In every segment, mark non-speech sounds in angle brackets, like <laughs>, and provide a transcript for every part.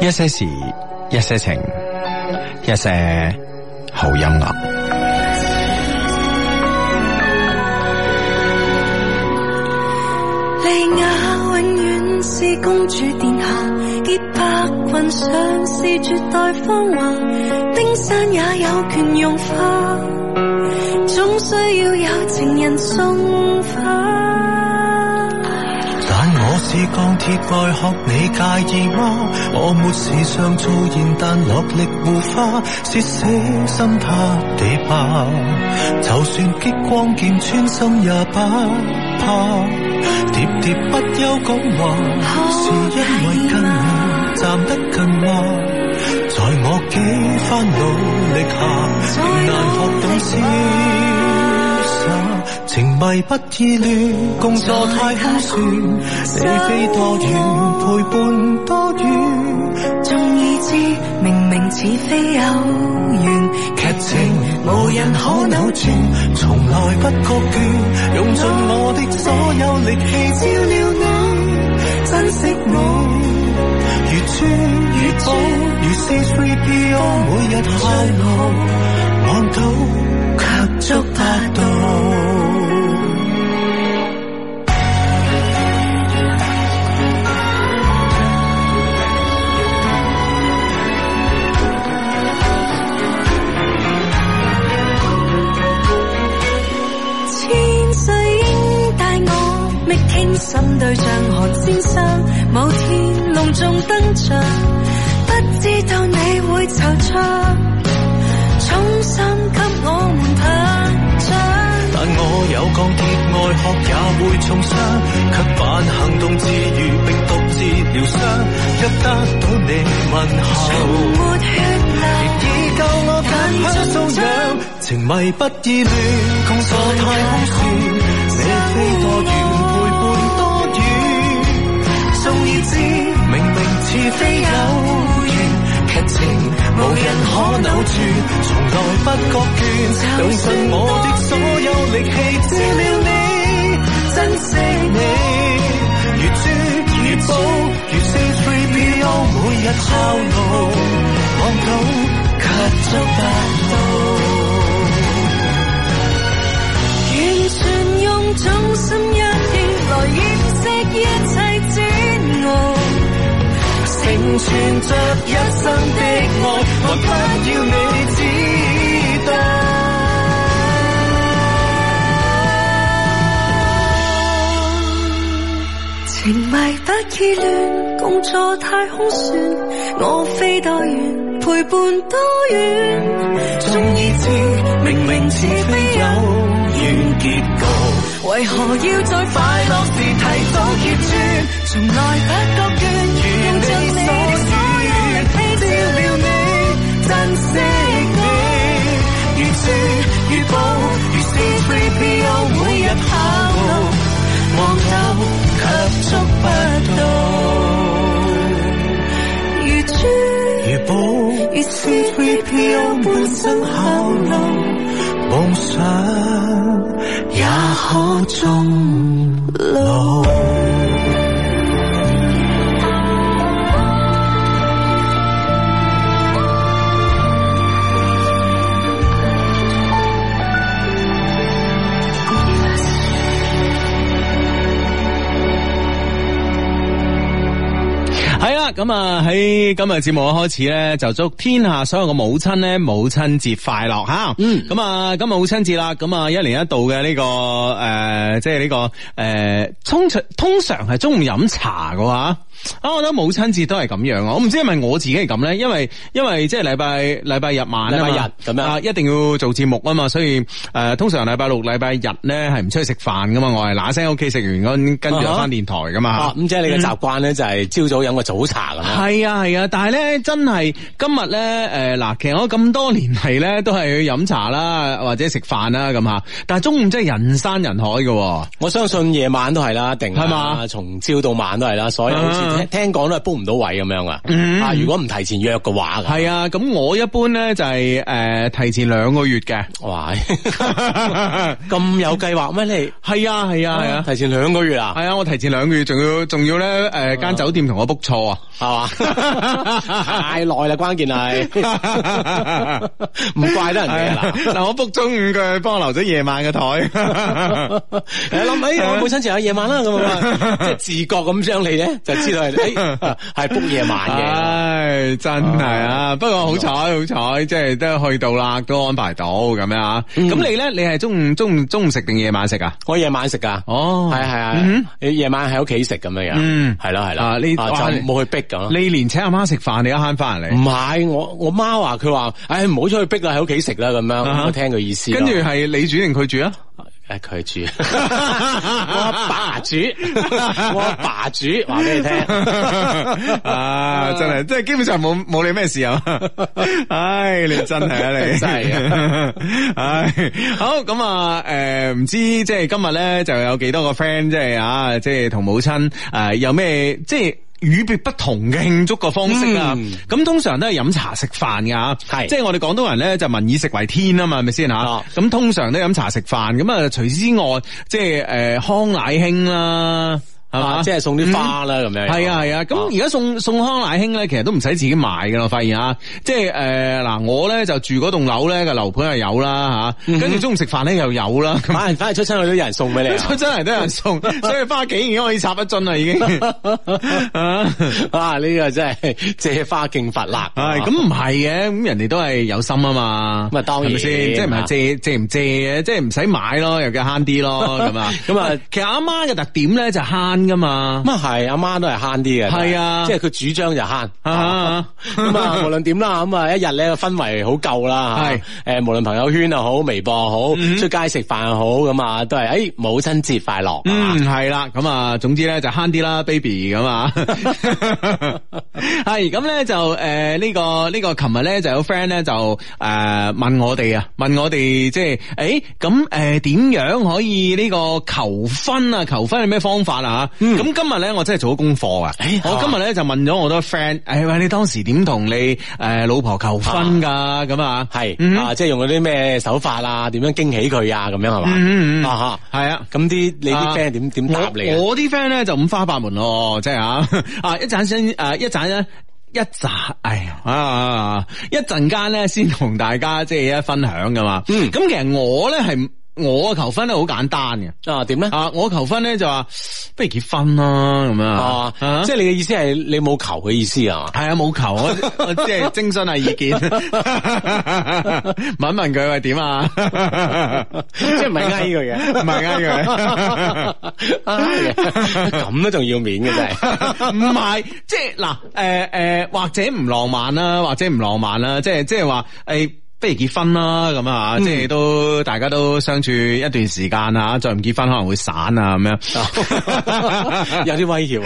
一些事，一些情，一些好音樂，啊。莉亞永遠是公主殿下，潔白裙上是絕代芳華，冰山也有權融化，總需要有情人送花。是鋼鐵外殼，學你介意嗎？我沒時常出現，但落力護花，是死心塌地吧？就算激光劍穿心也不怕。喋喋不休講話，好是因為跟你嗎站得近嗎？在我幾番努力下，仍難學懂事。情迷不意亂，工作太苦算，是非多遠，陪伴多遠。縱已知，明明似非有緣，劇情無人可扭轉，從來不覺倦，用盡我的所有力氣照料你，珍惜你，如珠如寶，如絲如飄，每日快樂望到，我都卻捉得到。心對象寒先生，某天隆重登場，不知道你會惆悵，重新給我們品嘗。但我有鋼鐵愛學，也會重傷，卻扮行動自如，並獨自療傷，一得到你問候，長血亦已救我養。情迷不意亂，共坐太空船，你飛多遠？已知，明明似非有緣，劇情無人可扭轉，從來不覺倦。用盡我的所有力氣，照料你，珍惜你，愈說愈補，愈是需要，每日靠攏，望到卻捉不到。完全用盡心。明存着一生的愛，我不要你知得情迷不意亂，共坐太空船，我飛多遠，陪伴多遠，終於知，明明似非有遠結局，為何要在快樂時提早結束？從來不覺倦，用盡所有人，為了你，珍惜你。如珠如寶，如是三 P O，每日考究，望到卻觸不到。如珠如寶，如是三 P O，半生考究，夢想也可終老。咁啊喺今日節目開始咧，就祝天下所有嘅母親咧母親節快樂吓。嗯，咁啊今日母親節啦，咁啊一年一度嘅呢、這個誒、呃，即係呢、這個誒、呃，通常通常係中午飲茶嘅話。啊，我覺得母親節都係咁樣，我唔知係咪我自己係咁咧，因為因為即係禮拜禮拜日晚嘛，禮拜日咁樣啊，一定要做節目啊嘛，所以誒、呃、通常禮拜六禮拜日咧係唔出去食飯噶嘛，我係嗱聲屋企食完，跟跟住又翻電台噶嘛。咁、啊啊啊、即係你嘅習慣咧，嗯、就係朝早飲個早茶嘛。係啊係啊，但係咧真係今日咧誒嗱，其實我咁多年嚟咧都係去飲茶啦，或者食飯啦咁吓。但係中午真係人山人海噶，啊，我相信夜晚都係啦，一定係嘛，從朝嗎到晚都係啦，所以、啊。聽講都係 book 唔到位咁樣啊！啊，如果唔提前約嘅話，係啊，咁我一般咧就係誒提前兩個月嘅。哇，咁有計劃咩你？係啊，係啊，係啊，提前兩個月啊？係啊，我提前兩個月，仲要仲要咧誒間酒店同我 book 錯啊，係嘛？太耐啦。關鍵係唔怪得人哋啊！嗱，我 book 中午佢幫我留咗夜晚嘅台，諗起我母簽證有夜晚啦咁啊，即自覺咁將你咧就知。係，係煲夜晚嘅。唉，真係啊！不過好彩，好彩，即係都去到啦，都安排到咁樣啊。咁你咧，你係中午、中午、中午食定夜晚食啊？我夜晚食啊。哦，係係啊，你夜晚喺屋企食咁樣。嗯，係啦係啦。啊，就冇去逼咁。你連請阿媽食飯，你一慳翻嚟？唔係，我我媽話佢話，唉，唔好出去逼啦，喺屋企食啦。咁樣，我聽佢意思。跟住係你煮定佢煮啊？誒，佢煮，啊，我阿爸煮，我阿爸煮，話俾 <laughs> 你聽， <laughs> 啊，真係，即係基本上冇冇你咩事啊， <laughs> 唉，你真係啊，你真係 <laughs> 唉，好，咁啊，誒、呃，唔知即係今日咧，就有幾多個 friend 即係啊，即係同母親誒、啊，有咩即係。與別不同嘅慶祝嘅方式啦，咁、嗯、通常都係飲茶食飯嘅係，是即係我哋廣東人咧就民以食為天啊嘛，係咪先吓？咁是通常都飲茶食飯，咁啊，除此之外，即係誒、呃、康乃馨啦、啊。係嘛，即係送啲花啦咁樣。係啊係啊，咁而家送送康乃馨咧，其實都唔使自己買噶啦，發現啊。即係誒嗱，我咧就住嗰棟樓咧嘅樓盤係有啦吓，跟住中午食飯咧又有啦。反正反正出親去都有人送俾你，出親嚟都有人送，所以花幾件都可以插一樽啦，已經。啊呢個真係借花敬佛啦。咁唔係嘅，咁人哋都係有心啊嘛。咁啊當然咪先？即係唔係借借唔借嘅，即係唔使買咯，又叫慳啲咯，咁啊咁啊。其實阿媽嘅特點咧就慳。噶嘛咁啊係阿媽都係慳啲嘅係啊，即係佢主張就慳啊，無論點啦咁啊，一日咧氛圍好夠啦，係誒是，無論朋友圈又好，微博好，嗯、出街食飯又好，咁、哎、啊都係誒母親節快樂啊係啦，咁啊、嗯，總之咧就慳啲啦，baby 咁啊，係咁咧就誒呢、呃這個呢、這個琴日咧就有 friend 咧就誒問我哋啊問我哋即係誒咁誒點樣可以呢個求婚啊求婚係咩方法啊？咁今日咧，我真係做咗功課啊！我今日咧就問咗好多 friend，誒喂，你當時點同你誒老婆求婚噶？咁啊係，即係用嗰啲咩手法啊？點樣驚喜佢啊？咁樣係嘛？嗯嗯，啊吓，係啊！咁啲你啲 friend 點點答你？我啲 friend 咧就五花八門咯，即係吓啊一陣先誒一陣咧一陣，哎呀啊一陣間咧先同大家即係一分享噶嘛。嗯，咁其實我咧係。我嘅求婚咧好簡單嘅、啊，啊點咧？啊我求婚咧就話不如結婚啦咁樣啊，啊即係你嘅意思係你冇求嘅意思啊？係啊冇求，我我即係徵詢下意見， <laughs> 問一問佢喂點啊？即係唔係嗌呢個嘢？唔係嗌佢，咁都仲要面嘅真係？唔係，即係嗱，誒、欸、誒，或者唔浪漫啦，或者唔浪漫啦，即係即係話誒。不如結婚啦咁啊，即係都大家都相處一段時間啊，嗯、再唔結婚可能會散、嗯、 <laughs> 有威啊咁樣，有啲威脅。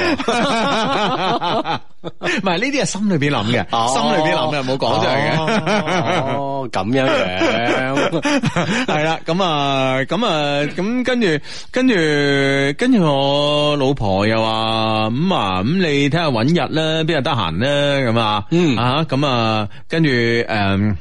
唔係呢啲係心裏邊諗嘅，哦、心裏邊諗嘅冇講出嚟嘅。哦，咁、哦、樣嘅，係啦， <laughs> 咁啊，咁啊，咁跟住，跟住，跟住我老婆又話，咁啊，咁你睇下揾日咧，邊日得閒咧，咁啊，嗯，啊，咁啊，嗯、啊跟住誒。嗯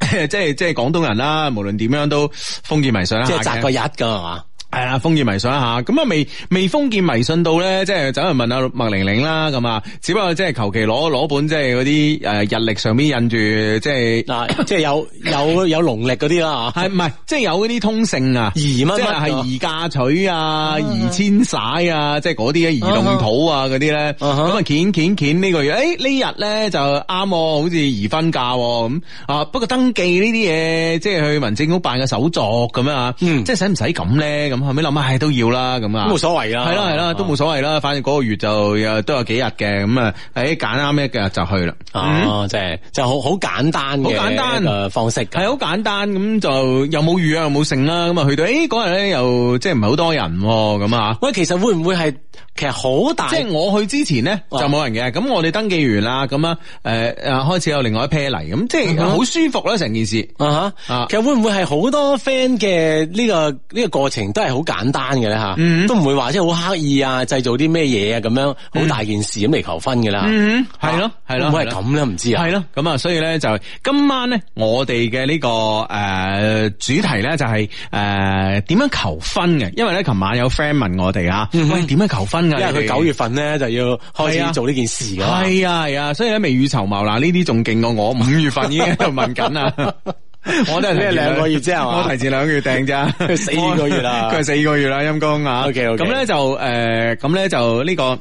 <coughs> 即係即係廣東人啦，無論點樣都封建迷信啦，即係擇個日嘅係嘛。係封建迷信一下咁啊，未，未封建迷信到咧，即係走去問阿麥玲玲啦，咁啊，只不過即係求其攞攞本，即係嗰啲誒日曆上邊印住，即係嗱， <laughs> 即係有有有農曆嗰啲啦，係唔係？即係有嗰啲通勝啊，移乜乜係移嫁娶啊，移遷徙啊，即係嗰啲移動土啊，嗰啲咧，咁、huh. 啊些，鉗鉗鉗呢個月，誒、哎、呢日咧就啱，好似移婚嫁咁，啊不過登記呢啲嘢，即係去民政府辦個手續咁啊，hmm. 即係使唔使咁咧？後尾諗下，係都要啦，咁啊都冇所謂啊，係啦係啦，都冇所謂啦。反正嗰個月就有都有幾日嘅，咁啊，誒揀啱咩嘅就去啦。哦，即係就好好簡單，好簡單嘅方式，係好簡單。咁就又冇雨啊，又冇剩啦。咁啊去到，誒嗰日咧又即係唔係好多人，咁啊。喂，其實會唔會係其實好大？即係我去之前呢，就冇人嘅。咁我哋登記完啦，咁啊誒啊開始有另外一批嚟。咁即係好舒服啦，成件事啊其實會唔會係好多 friend 嘅呢個呢個過程都係？好簡單嘅吓，都唔會話即係好刻意啊，製造啲咩嘢啊咁樣，好大件事咁嚟求婚嘅啦，係咯係咯，唔係咁啦，唔知啊，係咯咁啊，所以咧就今晚咧我哋嘅呢個誒主題咧就係誒點樣求婚嘅，因為咧琴晚有 friend 問我哋啊，喂，點樣求婚啊，因為佢九月份咧就要開始做呢件事嘅，係啊係啊，所以咧未雨綢繆啦，呢啲仲勁過我，五月份已經喺度問緊啊。 <laughs> 我都係呢兩個月之後，我提前兩個月訂啫，四個月啦，佢係四個月啦，陰公啊 OK，咁 okay .咧就誒，咁、呃、咧就呢、這個。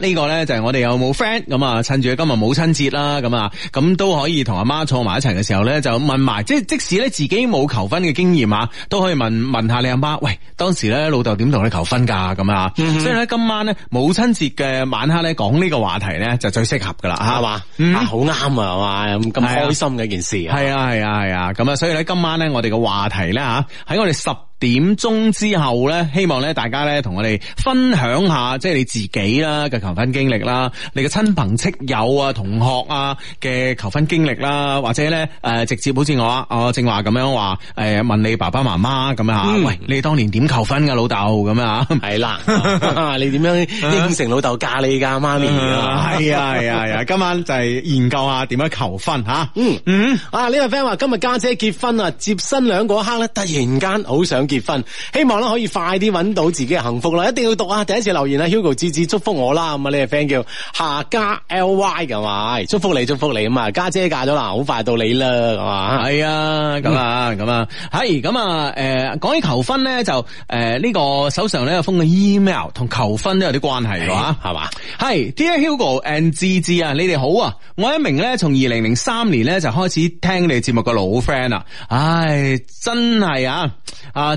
呢個咧就係我哋有冇 friend 咁啊？趁住今日母親節啦，咁啊，咁都可以同阿媽坐埋一齊嘅時候咧，就問埋，即係即使咧自己冇求婚嘅經驗啊，都可以問問下你阿媽，喂，當時咧老豆點同你求婚噶咁啊？所以咧今晚咧母親節嘅晚黑咧講呢個話題咧就最適合噶啦，係嘛，啊好啱啊，係嘛，咁咁開心嘅一件事，係啊係啊係啊，咁啊所以咧今晚咧我哋嘅話題咧吓喺我哋十。點鐘之後咧，希望咧大家咧同我哋分享下，即係你自己啦嘅求婚經歷啦，你嘅親朋戚友啊、同學啊嘅求婚經歷啦，或者咧誒、呃、直接好似我啊，我、哦、正話咁樣話誒問你爸爸媽媽咁樣吓，嗯、喂你當年點求婚嘅老豆咁啊？係啦了、 <laughs> 啊，你點樣應承、啊、老豆嫁你噶媽咪？啊係啊係啊，係啊，啊，啊，啊，啊 <laughs> 今晚就係研究下點樣求婚吓。嗯、啊、嗯，嗯啊呢個 friend 話今日家姐，姐結婚啊，接新娘嗰刻咧突然間好想。結婚，希望咧可以快啲揾到自己嘅幸福啦！一定要讀啊！第一次留言啊，Hugo 芝芝祝福我啦，咁啊，你嘅 friend 叫夏家 L Y 嘅嘛、哎？祝福你，祝福你咁、哎嗯嗯、啊！家姐嫁咗啦，好快到你啦，係嘛？係啊，咁啊，咁啊，係咁啊，誒，講起求婚咧，就誒呢個手上咧封個 email 同求婚都有啲關係㗎啊，係嘛唉？係嘛？係 Dear Hugo and 芝芝啊，G, 你哋好啊！我一名咧從二零零三年咧就開始聽你節目嘅老 friend 啦，唉，真係啊啊！啊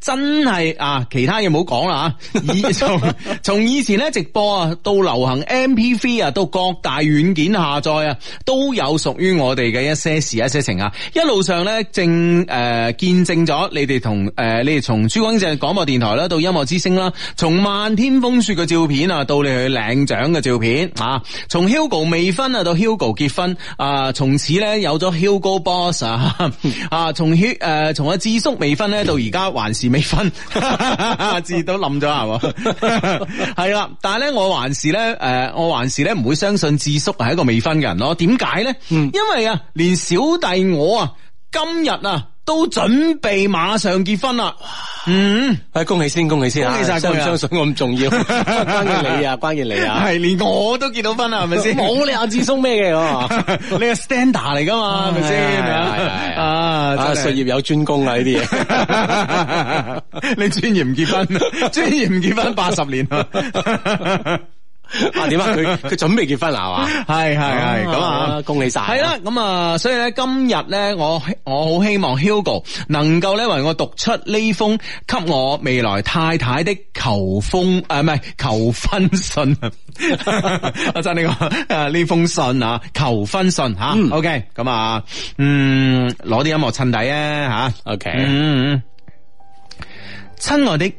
真係啊！其他嘢唔好講啦吓，以從從以前咧直播啊，到流行 MP3 啊，到各大軟件下載啊，都有屬於我哋嘅一些事、一些情啊。一路上咧，正、呃、誒見證咗你哋同誒你哋從珠江台廣播電台啦，到音樂之聲啦，從漫天風雪嘅照片啊，到你去領獎嘅照片啊，從 Hugo 未婚啊，到 Hugo 結婚啊，從此咧有咗 Hugo Boss 啊啊，從 hug 誒從阿智叔未婚咧，到而家、嗯、還是。未婚阿志都冧咗係嘛，係啦， <laughs> 但係咧，我還是咧，誒，我還是咧唔會相信智叔係一個未婚嘅人咯，點解咧？嗯，因為啊，連小弟我啊。今日啊，都準備馬上結婚啦！嗯，恭喜先，恭喜先啊！相信唔相信我咁重要？關嘅你啊，關嘅你啊，係連我都結到婚啦，係咪先？冇你阿志鬆咩嘅？你個 standard 嚟噶嘛？係咪先？係啊，啊，術業有專攻啊呢啲嘢，你專業唔結婚，專業唔結婚八十年啊！啊點啊佢佢準備結婚啦係嘛係係係咁啊恭喜晒係啦咁啊所以咧今日咧我我好希望 Hugo 能夠咧為我讀出呢封給我未來太太的求風誒唔係求婚信啊我就呢個誒呢封信啊求婚信吓 OK 咁啊嗯攞啲音樂襯底啊吓 OK 嗯嗯親愛的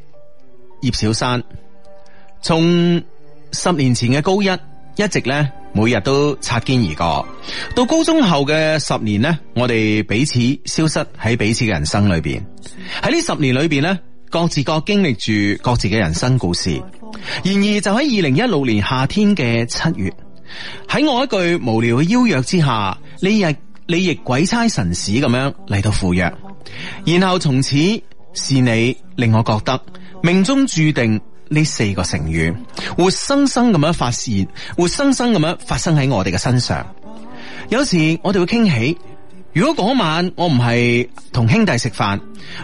葉小山從十年前嘅高一，一直咧每日都擦肩而過。到高中後嘅十年咧，我哋彼此消失喺彼此嘅人生裏邊。喺呢十年裏邊咧，各自各經歷住各自嘅人生故事。然而就喺二零一六年夏天嘅七月，喺我一句無聊嘅邀約之下，你日你亦鬼差神使咁樣嚟到赴約。然後從此是你令我覺得命中注定。呢四個成語，活生生咁樣發生，活生生咁樣發生喺我哋嘅身上。有時我哋會傾起，如果嗰晚我唔係同兄弟食飯，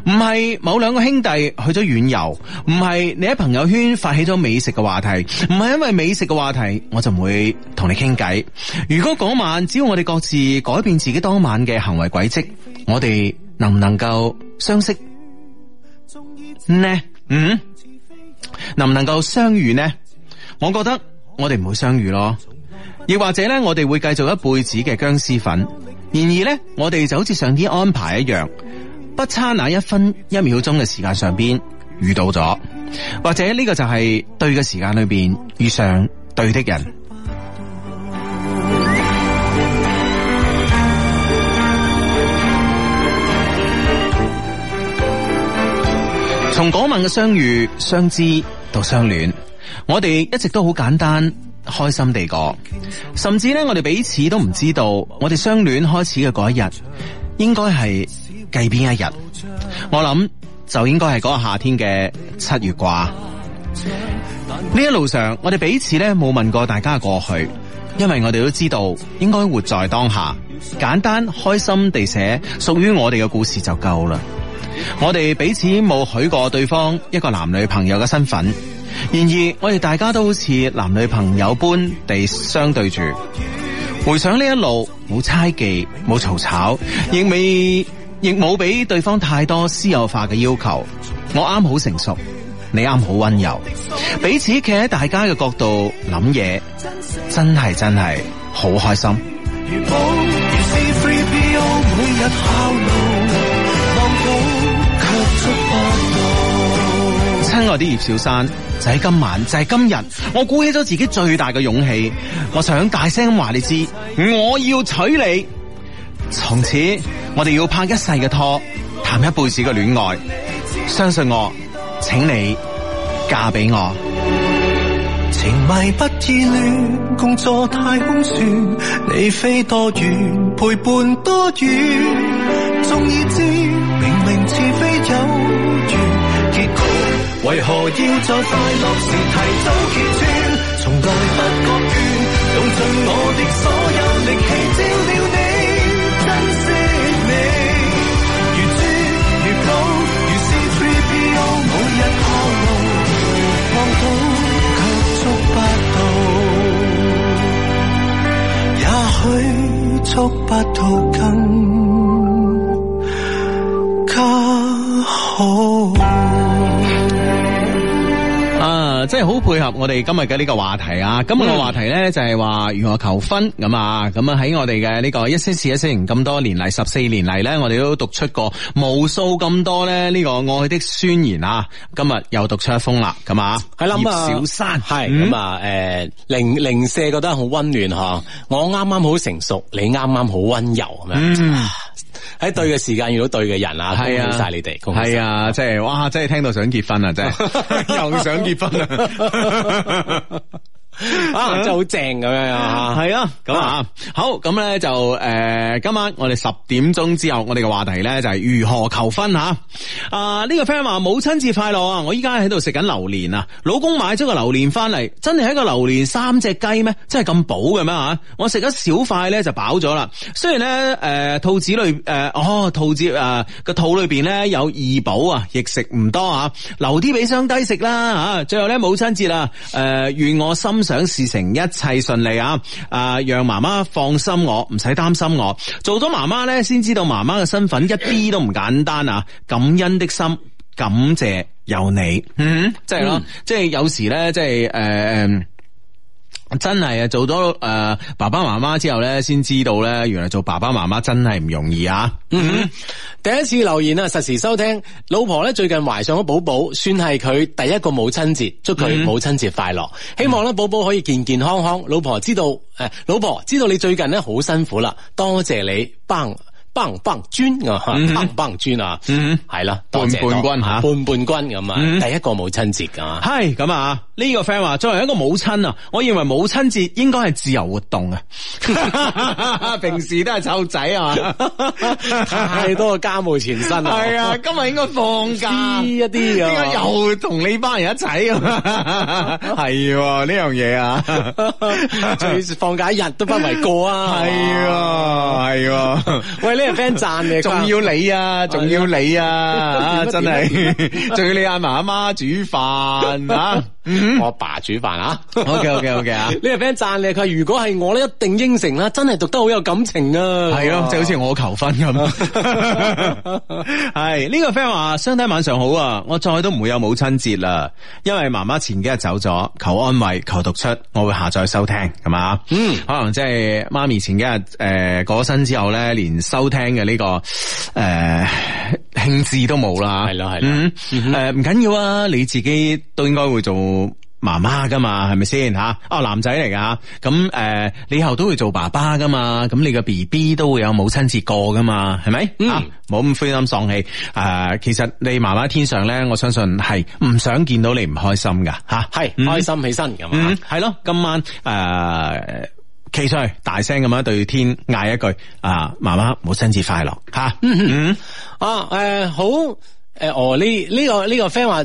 唔係某兩個兄弟去咗遠遊，唔係你喺朋友圈發起咗美食嘅話題，唔係因為美食嘅話題，我就唔會同你傾偈。如果嗰晚只要我哋各自改變自己當晚嘅行為軌跡，我哋能唔能夠相識呢？嗯？能唔能夠相遇呢？我覺得我哋唔會相遇咯，亦或者咧，我哋會繼續一輩子嘅僵屍粉。然而咧，我哋就好似上天安排一樣，不差那一分一秒鐘嘅時間上邊遇到咗，或者呢個就係對嘅時間裏邊遇上對的人。 <music> 從嗰晚嘅相遇相知。到相戀，我哋一直都好簡單開心地過，甚至咧，我哋彼此都唔知道，我哋相戀開始嘅嗰一日，應該係計邊一日？我諗就應該係嗰個夏天嘅七月啩。呢一路上，我哋彼此咧冇問過大家嘅過去，因為我哋都知道應該活在當下，簡單開心地寫屬於我哋嘅故事就夠啦。我哋彼此冇許過對方一個男女朋友嘅身份，然而我哋大家都好似男女朋友般地相對住。回想呢一路，冇猜忌，冇嘈吵，吵，亦未亦冇俾對方太多私有化嘅要求。我啱好成熟，你啱好，好溫柔，彼此企喺大家嘅角度諗嘢，真係真係好開心。啲葉小珊就喺、是、今晚，就係、是、今日，我鼓起咗自己最大嘅勇氣，我想大聲咁話你知，我要娶你，從此我哋要拍一世嘅拖，談一輩子嘅戀愛，相信我，請你嫁俾我。情迷不自戀，共坐太空船，你飛多遠，陪伴多遠，縱意知，明明似非有。為何要在快樂時提早決斷？從來不割斷，用盡我的所有力氣照料你，珍惜你，愈說愈抱，愈是有每一刻路，碰到卻觸不到，不也許觸不到更。好配合我哋今日嘅呢個話題啊！今日嘅話題咧就係話如何求婚咁啊！咁啊喺我哋嘅呢個一些事、一些情咁多年嚟，十四年嚟咧，我哋都讀出過無數咁多咧呢個愛的宣言啊！今日又讀出一封啦，咁啊，葉的小山係咁啊，誒、嗯啊呃，零零舍覺得好溫暖哈！我啱啱好成熟，你啱啱好溫柔咁樣、啊。嗯.喺對嘅時間遇到對嘅人啊，恭喜晒你哋！恭喜！係啊，真係哇，真係聽到想結婚啊，真係 <laughs> 又想結婚啊！ <laughs> <laughs> 啊，真係好正咁樣啊，係啊，咁啊，好咁咧就誒、呃，今晚我哋十點鐘之後，我哋嘅話題咧就係、是、如何求婚吓。啊呢、啊這個 friend 話母親節快樂啊，我依家喺度食緊榴蓮啊，老公買咗個榴蓮翻嚟，真係一個榴蓮三隻雞咩？真係咁補嘅咩吓？我食咗小塊咧就飽咗啦。雖然咧誒，肚、呃、子裏誒、呃，哦，肚子啊，個、呃、肚裏邊咧有二寶啊，亦食唔多啊。留啲俾雙雞食啦吓。最後咧母親節啦，誒、呃，願我心想事成一切順利啊！啊，讓媽媽放心我，我唔使擔心我做咗媽媽咧，先知道媽媽嘅身份一啲都唔簡單啊！感恩的心，感謝有你。嗯，嗯即係咯，即係有時咧，即係誒。真係啊，做咗誒、呃、爸爸媽媽之後呢，先知道呢，原來做爸爸媽媽真係唔容易啊！嗯嗯，第一次留言啊，實時收聽，老婆呢，最近懷上咗寶寶，算係佢第一個母親節，祝佢母親節快樂，嗯、希望呢，寶寶可以健健康康。老婆知道誒，老婆知道你最近呢，好辛苦啦，多謝你幫。棒棒尊啊，棒棒尊啊，嗯，係啦，多謝半半君半半君咁啊，第一個母親節噶，係咁啊，呢個 friend 話，作為一個母親啊，我認為母親節應該係自由活動啊，平時都係湊仔啊，太多家務纏身啊，係啊，今日應該放假一啲，啊。又同你班人一齊啊，係呢樣嘢啊，最放假一日都不為過啊，係啊，係啊，喂。friend 讚你，仲要你啊，仲要你啊，哎、呀啊真係仲要你阿嫲阿媽煮飯 <laughs> 啊。Mm hmm. 我阿爸，爸煮飯啊 <laughs> ，OK OK OK 啊，呢個 friend 讚你，佢如果係我咧，一定應承啦，真係讀得好有感情啊，係咯、 <laughs> 啊，就好似我求婚咁。係 <laughs> 呢、 <laughs> 這個 friend 話，相體晚上好啊，我再都唔會有母親節啦，因為媽媽前幾日走咗，求安慰，求讀出，我會下載收聽，係嘛，嗯、mm，hmm. 可能即係媽咪前幾日誒、呃、過咗身之後咧，連收聽嘅呢、這個誒興致都冇啦，係啦係啦誒唔緊要啊，你自己都應該會做。媽媽噶嘛，係咪先吓？哦、啊，男仔嚟噶，咁誒，呃、你以後都會做爸爸噶嘛，咁你個 B B 都會有母親節過噶嘛，係咪？嗯，冇咁灰心喪氣。誒、呃，其實你媽媽天上咧，我相信係唔想見到你唔開心噶吓，係、啊、開心起身咁。係咯、嗯，今晚誒，企、呃、出去大聲咁樣對天嗌一句：啊、呃，媽媽，母親節快樂！吓，嗯嗯，啊，誒，好，誒、呃，哦，呢、這、呢個呢、這個 friend 話。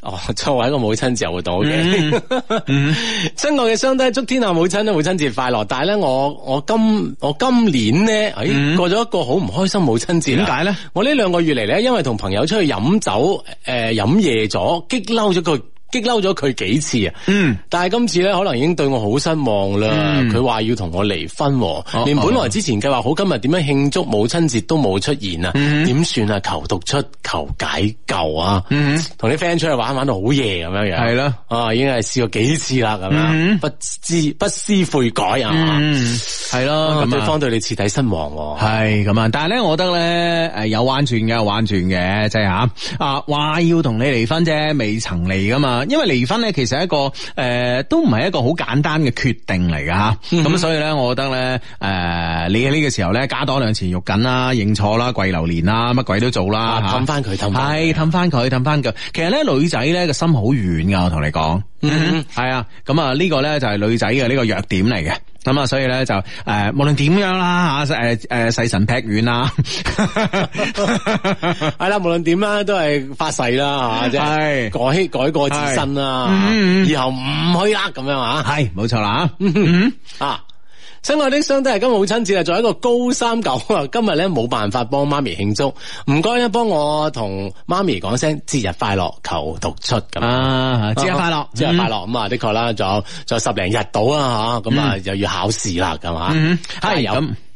哦，作為一個母親節活到嘅。親、hmm. mm hmm. <laughs> 愛的雙胞，祝天下母親咧，母親節快樂。但係咧，我我今我今年咧，哎、mm hmm. 過咗一個好唔開心母親節。點解咧？我呢兩個月嚟咧，因為同朋友出去飲酒，誒、呃、飲夜咗，激嬲咗佢。激嬲咗佢幾次啊！嗯，但係今次咧可能已經對我好失望啦。佢話要同我離婚，連本來之前計劃好今日點樣慶祝母親節都冇出現啊！點算啊？求讀出，求解救啊！同啲 friend 出去玩，玩到好夜咁樣樣。係咯，啊，已經係試過幾次啦，咁樣不知不思悔改啊！係咯，咁對方對你徹底失望。係咁啊！但係咧，我覺得咧，誒有彎轉嘅，有彎轉嘅，即係吓啊話要同你離婚啫，未曾離噶嘛。因為離婚咧，其實係一個誒、呃、都唔係一個好簡單嘅決定嚟噶吓，咁、嗯、哼所以咧，我覺得咧誒、呃，你喺呢個時候咧，加多兩錢肉緊啦，認錯啦，跪榴蓮啦，乜鬼都做啦，氹翻佢，氹返係氹翻佢，氹翻佢。其實咧，女仔咧個心好軟噶，我同你講，係啊、嗯哼，咁啊呢個咧就係女仔嘅呢個弱點嚟嘅。咁啊，所以咧就誒，無論點樣啦吓，誒誒，細神劈遠啦，係啦，無論點啦，都係發誓啦，係嘛，即係改改過自身是、嗯、啦，以後唔可以啦，咁、嗯、樣 <laughs> 啊，係，冇錯啦，啊。親愛的都弟，今日母親節啊！作為一個高三狗啊，今日咧冇辦法幫媽咪慶祝，唔該一幫我同媽咪講聲節日快樂，求突出咁啊！節日快樂，節、嗯、日快樂，咁啊的確啦，仲有仲有十零日到啦。吓，咁啊又要考試啦，咁啊、嗯是，係有、嗯。是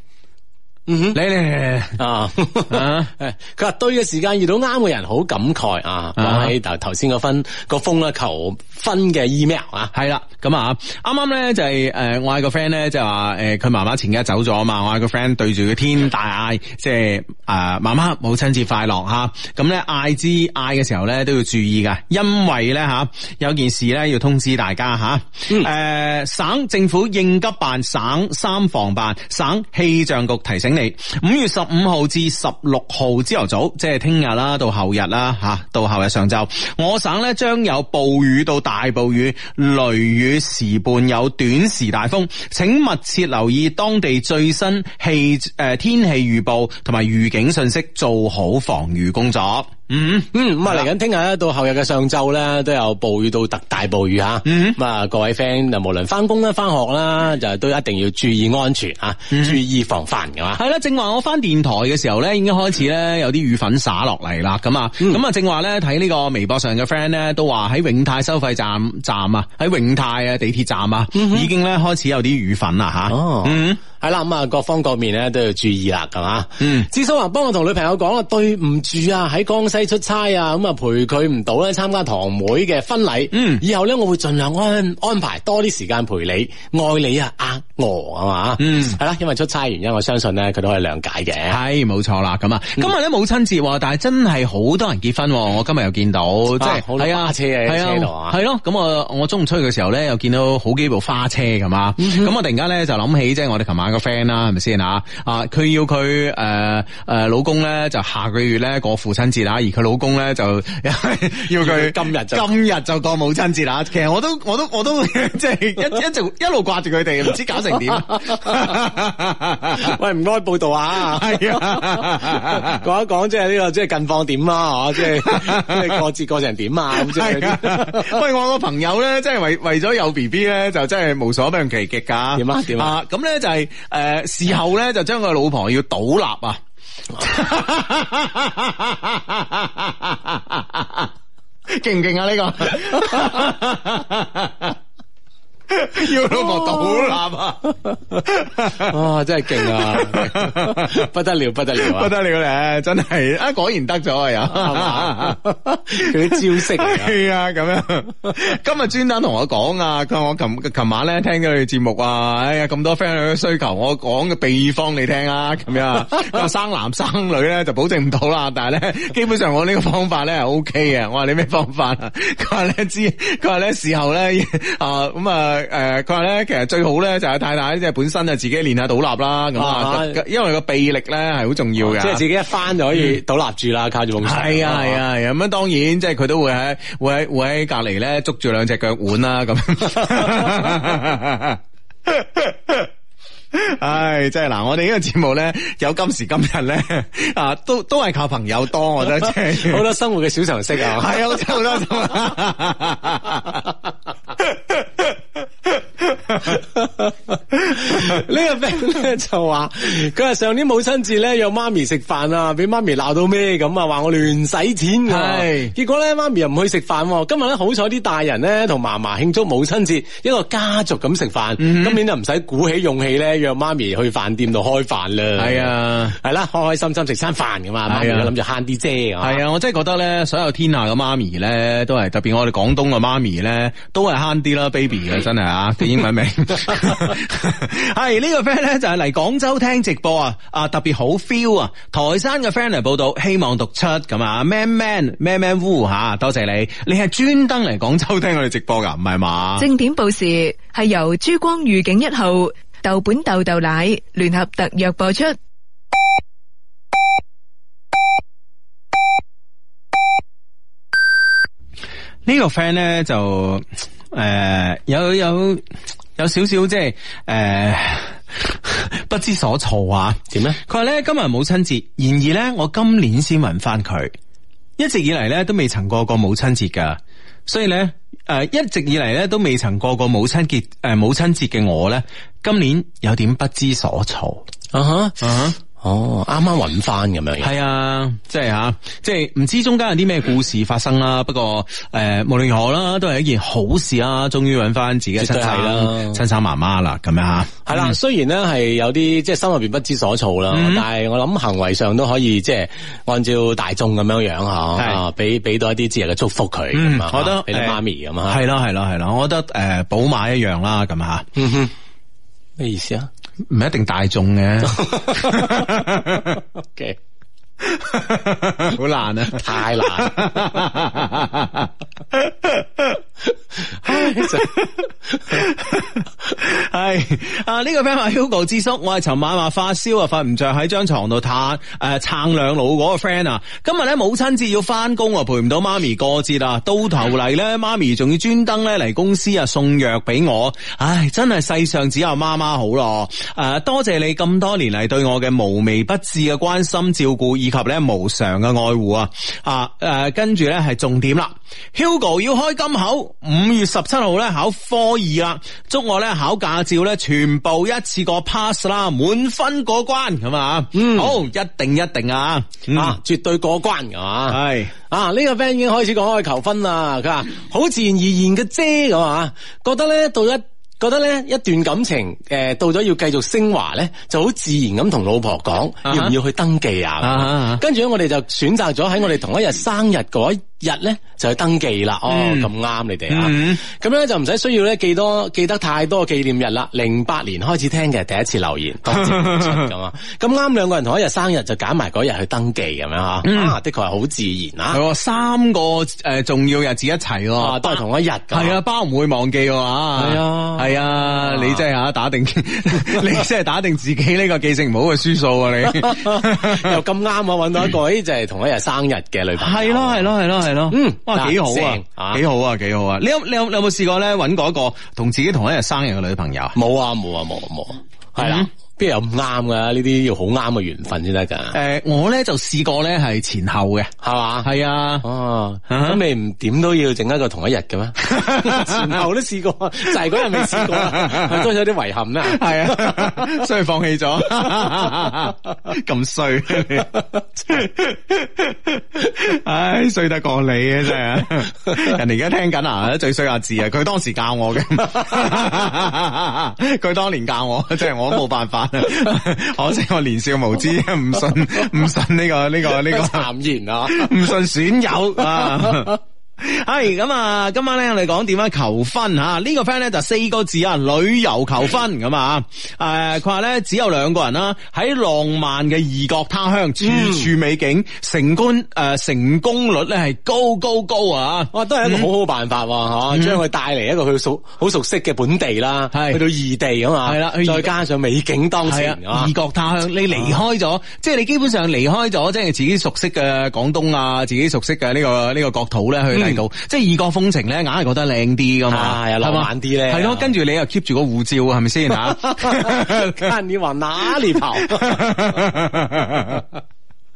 你嚟啊！佢話、 <laughs> 啊、對嘅時間遇到啱嘅人，好感慨啊！喺頭頭先個分個封咧求婚嘅 email 啊，係啦，咁啊，啱啱咧就係、是、誒、呃，我係個 friend 咧就話、是、誒，佢媽媽前日走咗啊嘛，我係個 friend 對住個天大嗌，即係 <laughs> 啊，媽媽母親節快樂吓！咁咧嗌之嗌嘅時候咧都要注意噶，因為咧吓、啊、有件事咧要通知大家吓，誒、啊啊，省政府應急辦、省三防辦、省氣象局提醒你。五月十五號至十六號朝頭早，即係聽日啦、啊，到後日啦，吓到後日上晝，我省咧將有暴雨到大暴雨，雷雨時伴有短時大風，請密切留意當地最新氣誒、呃、天氣預報同埋預警信息，做好防禦工作。嗯嗯，咁啊，嚟緊聽日咧到後日嘅上晝咧都有暴雨到特大暴雨吓，咁啊各位 friend 就無論翻工啦翻學啦，就都一定要注意安全啊，注意防範噶嘛。係啦，正話我翻電台嘅時候咧，已經開始咧有啲雨粉灑落嚟啦，咁啊，咁啊正話咧睇呢個微博上嘅 friend 咧都話喺永泰收費站站啊，喺永泰啊地鐵站啊，已經咧開始有啲雨粉啦吓。哦，係啦，咁啊各方各面咧都要注意啦，咁啊，嗯，志叔話幫我同女朋友講啊，對唔住啊，喺江西出差啊，咁啊陪佢唔到咧，參加堂妹嘅婚禮。嗯，以後咧我會盡量安安排多啲時間陪你，愛你啊，呃我啊嘛，嗯，係啦，因為出差原因，我相信咧佢都可以諒解嘅。係，冇錯啦。咁啊，今日咧母親節，但係真係好多人結婚，我今日又見到，即係係啊車，係啊度啊，係咯即。咁啊，我中午出去嘅時候咧，又見到好幾部花車咁啊。咁、嗯嗯、我突然間咧就諗起，即、就、係、是、我哋琴晚個 friend 啦，係咪先啊？啊，佢要佢誒誒老公咧就下個月咧過父親節啦。而佢老公咧就要佢今日，就今，日就今日就過母親節啦，其實我都我都我都即係一一直一路掛住佢哋，唔知搞成點。 <laughs> 喂，唔該報道 <laughs> 啊，講 <laughs> 一講即係呢個即係近況點啊，即係過節過成點啊。即 <laughs> 喂，我個朋友咧，即係為為咗有 B B 咧，就真係無所不用其極噶。點啊點啊，咁咧、啊啊啊、就係、是、誒、呃、事後咧就將佢老婆要倒立啊。哈哈哈哈哈，勁唔勁啊呢個？ <laughs> 要老婆倒立啊，哦！ <laughs> 哇，真係勁啊！不得了，不得了，啊，不得了咧，啊！真係啊，果然得咗啊又，佢招式啊咁，哎，樣。今日專登同我講啊，佢話我琴琴晚咧聽咗你節目啊，哎呀咁多 friend 嘅需求，我講嘅秘方你聽啊，咁樣。佢 <laughs> 生男生女咧就保證唔到啦，但係咧基本上我呢個方法咧係 O K 嘅。我話你咩方法啊？佢話咧知，佢話咧事後咧啊咁啊。嗯啊誒，佢話咧，其實最好咧就係太太即係本身就自己練下倒立啦咁啊，因為個臂力咧係好重要嘅，即係自己一翻就可以倒立住啦，靠住落去。係啊係啊，咁樣當然即係佢都會喺會喺會喺隔籬咧捉住兩隻腳腕啦咁。唉，真係嗱，我哋呢個節目咧有今時今日咧啊，都都係靠朋友多，我覺得好多生活嘅小常識啊，係啊，好多好多。呢 <laughs> 個 friend 咧就話佢係上年母親節咧，約媽咪食飯啊，俾媽咪鬧到咩咁啊，話我亂使錢，係結果咧媽咪又唔去食飯。今日咧好彩啲大人咧同嫲嫲慶祝母親節，一個家族咁食飯，咁先、嗯、哼就唔使鼓起勇氣咧，約媽咪去飯店度開飯啦。係啊，係啦，開開心心食餐飯噶嘛，係啊，諗住慳啲啫。係啊，我真係覺得咧，所有天下嘅媽咪咧，都係特別我哋廣東嘅媽咪咧，都係慳啲啦，baby 嘅真係啊。英文名，係呢個 friend 咧就係嚟廣州聽直播啊！啊，特別好 feel 啊！台山嘅 friend 嚟報道，希望讀出咁啊！man man man man 烏吓，多謝你，你係專登嚟廣州聽我哋直播噶，唔係嘛？正點報時係由珠光御景一號豆本豆豆奶聯合特約播出。呢個 friend 咧就。誒、呃，有有有少少即係誒不知所措啊？點咧？佢話咧今日母親節，然而咧我今年先問翻佢，一直以嚟咧，都未曾過過母親節噶，所以咧誒、呃、一直以嚟咧，都未曾過過母親節，誒母親節嘅我咧，今年有點不知所措。啊啊、uh huh. uh huh. 哦，啱啱揾翻咁樣，係啊，即係吓，即係唔知道中間有啲咩故事發生啦。不過誒、呃，無論如何啦，都係一件好事啊！終於揾翻自己親生啦，親生媽媽啦，咁樣吓。係啦、嗯啊，雖然咧係有啲即係心入邊不知所措啦，嗯、但係我諗行為上都可以即係按照大眾咁樣樣嗬，俾俾是、啊、到一啲自然嘅祝福佢。我覺得俾你媽咪咁啊，係咯係咯係咯，我覺得誒，寶馬一樣啦，咁吓。咩、嗯、意思啊？唔係一定大眾嘅。OK。好 <laughs> 難啊，太難！ <laughs> <laughs> 唉，係啊，呢個 friend 話 Hugo 之叔，我係尋晚話發燒啊，瞓唔着喺張床度嘆，誒、呃，撐兩老嗰個 friend 啊，今日咧母親節要翻工啊，陪唔到媽咪過節啊，到頭嚟咧，媽咪仲要專登咧嚟公司啊送藥俾我，唉，真係世上只有媽媽好咯，誒、呃，多謝你咁多年嚟對我嘅無微不至嘅關心照顧及咧無常嘅愛護啊啊誒，跟住咧係重點啦。Hugo 要開金口，五月十七號咧考科二啦，祝我咧考駕照咧全部一次過 pass 啦，滿分過關咁啊！嗯，好，一定一定啊、嗯、啊，絕對過關噶嘛！係啊，呢個 friend 已經開始講開求婚啦，佢話好自然而然嘅啫咁啊，覺得咧到一。覺得咧一段感情，誒到咗要繼續升華咧，就好自然咁同老婆講，要唔要去登記啊？跟住咧我哋就選擇咗喺我哋同一日生日嗰一日咧就去登記啦。Mm hmm. 哦，咁啱你哋啊，咁咧、mm hmm. 就唔使需要咧記多記得太多紀念日啦。零八年開始聽嘅第一次留言，當節目出咁啊，咁啱兩個人同一日生日就揀埋嗰日去登記咁樣、mm hmm. 啊，的確係好自然啊。哦、三個誒重要日子一齊喎、啊哦，都係同一日，係啊，包唔、啊、會忘記嘅話，係啊，啊，啊你真係吓打定，你真係打定自己呢 <laughs> 個記性唔好嘅輸數啊！你 <laughs> <laughs> 又咁啱啊，搵到一個，咦，就係同一日生日嘅女朋友。係咯，係咯，係咯，係咯。嗯，哇，幾好，但好啊，幾好啊，幾好啊！你有你有你有冇試過咧，搵過一個同自己同一日生日嘅女朋友？冇啊，冇啊，冇啊，冇、啊，係啦的。嗯。邊有唔啱噶？呢啲要好啱嘅緣分先得噶。誒，我咧就試過咧係前後嘅，係嘛吧？係啊，咁、哦啊、你唔點都要整一個同一日嘅咩？ <laughs> 前後都試過，就係嗰日未試過，都 <laughs> <laughs> 有啲遺憾啦。係啊，所以放棄咗，咁 <laughs> 衰壞，唉、 <laughs> 哎，衰得過你啊真係！人哋而家聽緊啊，最衰阿志啊，佢當時教我嘅，佢 <laughs> 當年教我，即係我都冇辦法。可惜我年少無知，唔信唔信呢個呢個呢個讒言啊，唔信損友啊。係咁啊！今晚咧我哋講點樣求婚吓？呢、呢個 friend 咧就是四個字遊 <laughs> 啊，旅遊求婚咁啊！誒，佢話咧只有兩個人啦，喺浪漫嘅異國他鄉，處處、嗯、美景，成功誒、呃、成功率咧係高高高啊！哇，都係一個很好好辦法，嗬、嗯？將佢帶嚟一個佢熟好熟悉嘅本地啦，嗯、是去到異地啊嘛，係啦，再加上美景當前的啊！異國他鄉，你離開咗，啊、即係你基本上離開咗，即係自己熟悉嘅廣東啊，自己熟悉嘅呢、呢個呢、呢個國土咧去。即係異國風情咧，硬係覺得靚啲㗎嘛，係啊，浪漫啲咧，係 <noise> 咯樂。跟住你又 keep 住個護照，係咪先吓？ <laughs> <laughs> 看你往哪裏跑？ <laughs> <laughs>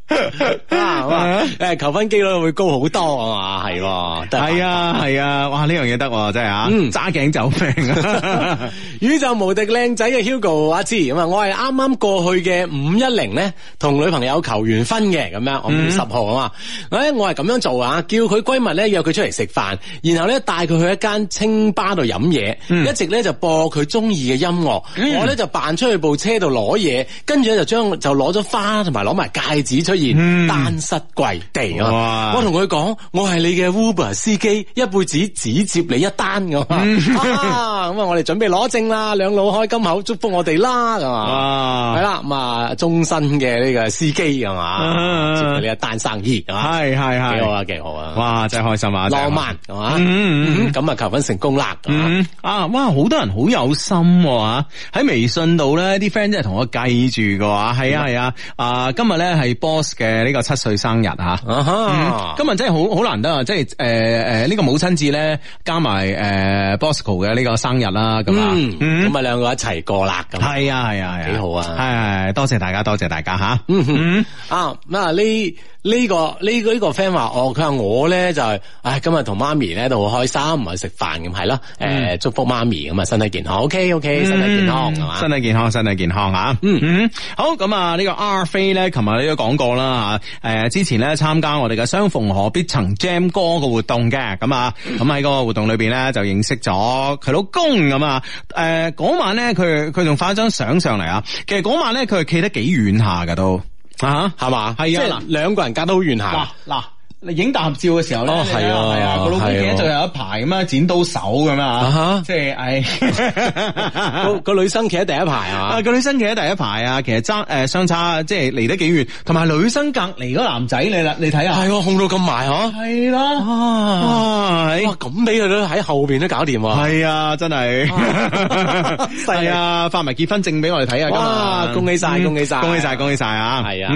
誒、 <laughs> 啊，求婚幾率會高好多 <laughs> 係啊，嘛，係，係啊，係啊，哇，呢樣嘢得真係啊，揸頸、啊嗯、走命、啊， <laughs> 宇宙無敵靚仔嘅 Hugo 阿志，咁啊，G，我係啱啱過去嘅五一零咧，同女朋友求完婚嘅，咁樣、嗯、我五月十號啊嘛，誒，嗯、我係咁樣做啊，叫佢閨蜜咧約佢出嚟食飯，然後咧帶佢去一間清吧度飲嘢，嗯、一直咧、嗯、就播佢中意嘅音樂，我咧就扮出去部車度攞嘢，跟住咧就將就攞咗花同埋攞埋戒指出。然單膝跪地，啊。我同佢講：我係你嘅 Uber 司機，一輩子只接你一單㗎。咁啊，我哋準備攞證啦，兩老開金口祝福我哋啦，咁啊，係啦，咁啊，終身嘅呢個司機係嘛？接你一單生意係係係，幾好啊，幾好啊！哇，真係開心啊，浪漫係嘛？咁啊，求婚成功啦，啊哇，好多人好有心啊！喺微信度咧，啲 friend 真係同我計住㗎話，係啊係啊，啊今日咧係波嘅呢個七歲生日吓、啊啊哈嗯，今日真係好好難得啊！即係誒誒，呢、呃這個母親節咧，加埋誒、呃、Bosco 嘅呢個生日啦，咁啊，咁啊、嗯嗯、兩個一齊過啦，咁係啊係啊係啊，幾好啊！係係、啊啊啊啊、多謝大家，多謝大家吓，啊，咁、嗯嗯、啊呢。呢、這個呢、這個呢、這個 friend 話哦，佢話我咧就係、是，唉、哎，今日同媽咪咧都好開心，係食飯咁係啦誒，祝福媽咪咁啊，身體健康、嗯，ok ok，身體健康，係嘛、嗯，吧身體健康，身體健康、啊、嗯嗯，好，咁啊，這個、R 呢個阿飛咧，琴日你都講過啦吓，誒、呃，之前咧參加我哋嘅相逢何必曾 jam 哥嘅活動嘅，咁啊、嗯，咁喺個活動裏邊咧就認識咗佢老公咁啊，誒、呃，嗰晚咧佢佢仲發張相上嚟啊，其實嗰晚咧佢係企得幾遠下噶都。啊，係嘛，係啊，即係嗱兩個人隔得好遠下。嗱哇。影大合照嘅時候咧，係啊，啊，個老公企喺最後一排咁啊，剪刀手咁啊，即係唉，個女生企喺第一排啊，個女生企喺第一排啊，其實爭誒相差即係離得幾遠，同埋女生隔籬嗰男仔你啦，你睇下，係啊，控到咁埋嗬，係啦，哇，咁俾佢喺後邊都搞掂，係啊，真係，係啊，發埋結婚證俾我哋睇啊，哇，恭喜晒，恭喜晒，恭喜晒，恭喜晒啊，係啊，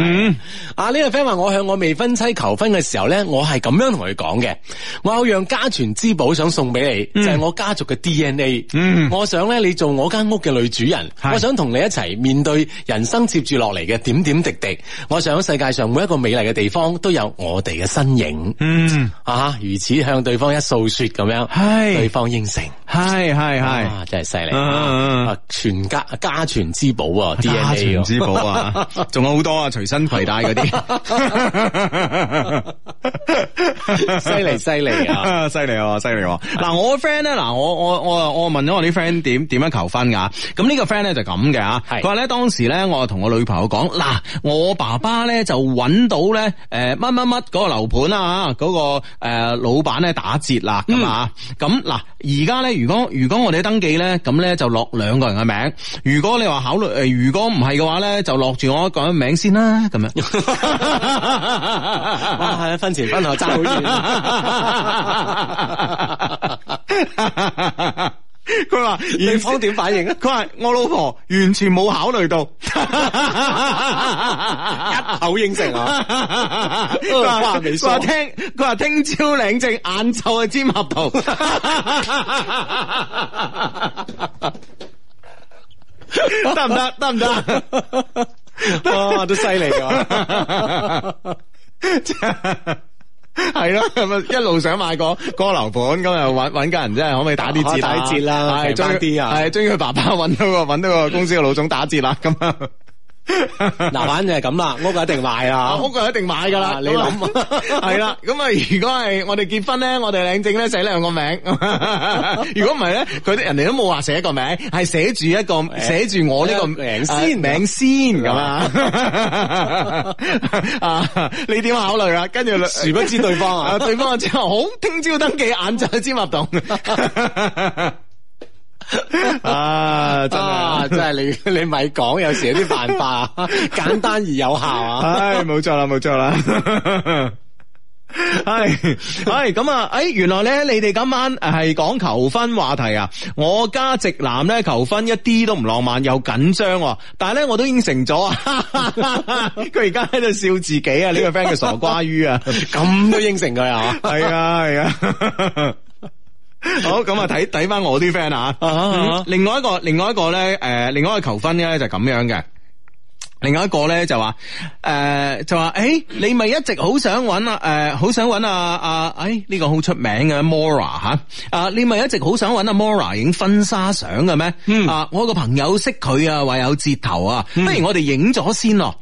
啊呢個 friend 話我向我未婚妻求婚嘅時候。咧，我係咁樣同佢講嘅，我有樣家傳之寶想送俾你，就係我家族嘅 DNA。我想咧，你做我間屋嘅女主人，我想同你一齊面對人生接住落嚟嘅點點滴滴。我想世界上每一個美麗嘅地方都有我哋嘅身影。嗯啊，如此向對方一訴說咁樣，對方應承，係係係，真係犀利啊！全家家傳之寶啊，DNA 之寶啊，仲有好多啊，隨身攜帶嗰啲。犀利犀利啊！犀利 <laughs> 啊！犀利、啊！嗱、啊， <laughs> 我 friend 咧，嗱，我我我我問咗我啲 friend 點點樣求婚噶？咁呢個 friend 咧就咁嘅啊，佢話咧當時咧我同我女朋友講，嗱、啊，我爸爸咧就搵到咧誒乜乜乜嗰個樓盤啊，嗰、那個誒、呃、老闆咧打折啦咁啊，咁嗱、嗯。而家咧，如果如果我哋登記咧，咁咧就落兩個人嘅名。如果你話考慮，誒，如果唔係嘅話咧，就落住我一個人名先啦。咁樣係啦，分前分後爭好遠。 <laughs> <laughs> 佢話對方點反應咧？佢話我老婆完全冇考慮到， <laughs> 一口應承啊！佢話佢聽，佢話聽朝領證，晏晝去簽合同，得唔得？得唔得？ <laughs> 哇！都犀利㗎。 <laughs> 係咯，咁啊 <laughs> 一路想買個哥樓盤，咁啊揾揾個人，真係可唔可以打啲折，啊、打啲折啦，係終於，係終於佢爸爸揾到個揾到個公司個老總打折啦，咁啊。嗱，反正係咁啦，屋就一定買啊，屋就一定買噶啦，啊、你諗係啦。咁啊， <laughs> 如果係我哋結婚咧，我哋領證咧寫兩個名。 <laughs> 如果唔係咧，佢哋人哋都冇話寫一個名，係寫住一個寫住、欸、我呢、這個、個名先，啊、名先咁啊。啊， <laughs> 啊，你點考慮啊？跟住殊不知對方啊， <laughs> 啊對方之後好，聽朝登記，晏晝就去簽合同。 <laughs> 啊，真係、啊啊，真係你你咪講，有時有啲辦法 <laughs> 簡單而有效啊！唉、哎，冇錯啦，冇錯啦。係係咁啊！誒、哎，原來咧，你哋今晚係講求婚話題啊！我家直男咧求婚一啲都唔浪漫，又緊張、啊，但係咧我都應承咗啊！佢而家喺度笑自己啊！呢、這個 friend 嘅傻瓜魚啊，咁都應承佢啊？係 <laughs> 啊、哎，係、哎、啊。 <laughs> 好咁啊，睇睇翻我啲 friend 啊！Uh huh, uh huh. 另外一個，另外一個咧，誒、呃，另外一個求婚咧就係咁樣嘅。另外一個咧就話，誒，就話，誒、呃欸，你咪一直好想揾、欸、啊，誒，好想揾啊，誒呢個好出名嘅 Mora 吓，啊，哎這個、Mora, 啊你咪一直好想揾阿 Mora 影婚紗相嘅咩？啊，我個朋友識佢啊，話有折頭啊，不如我哋影咗先咯，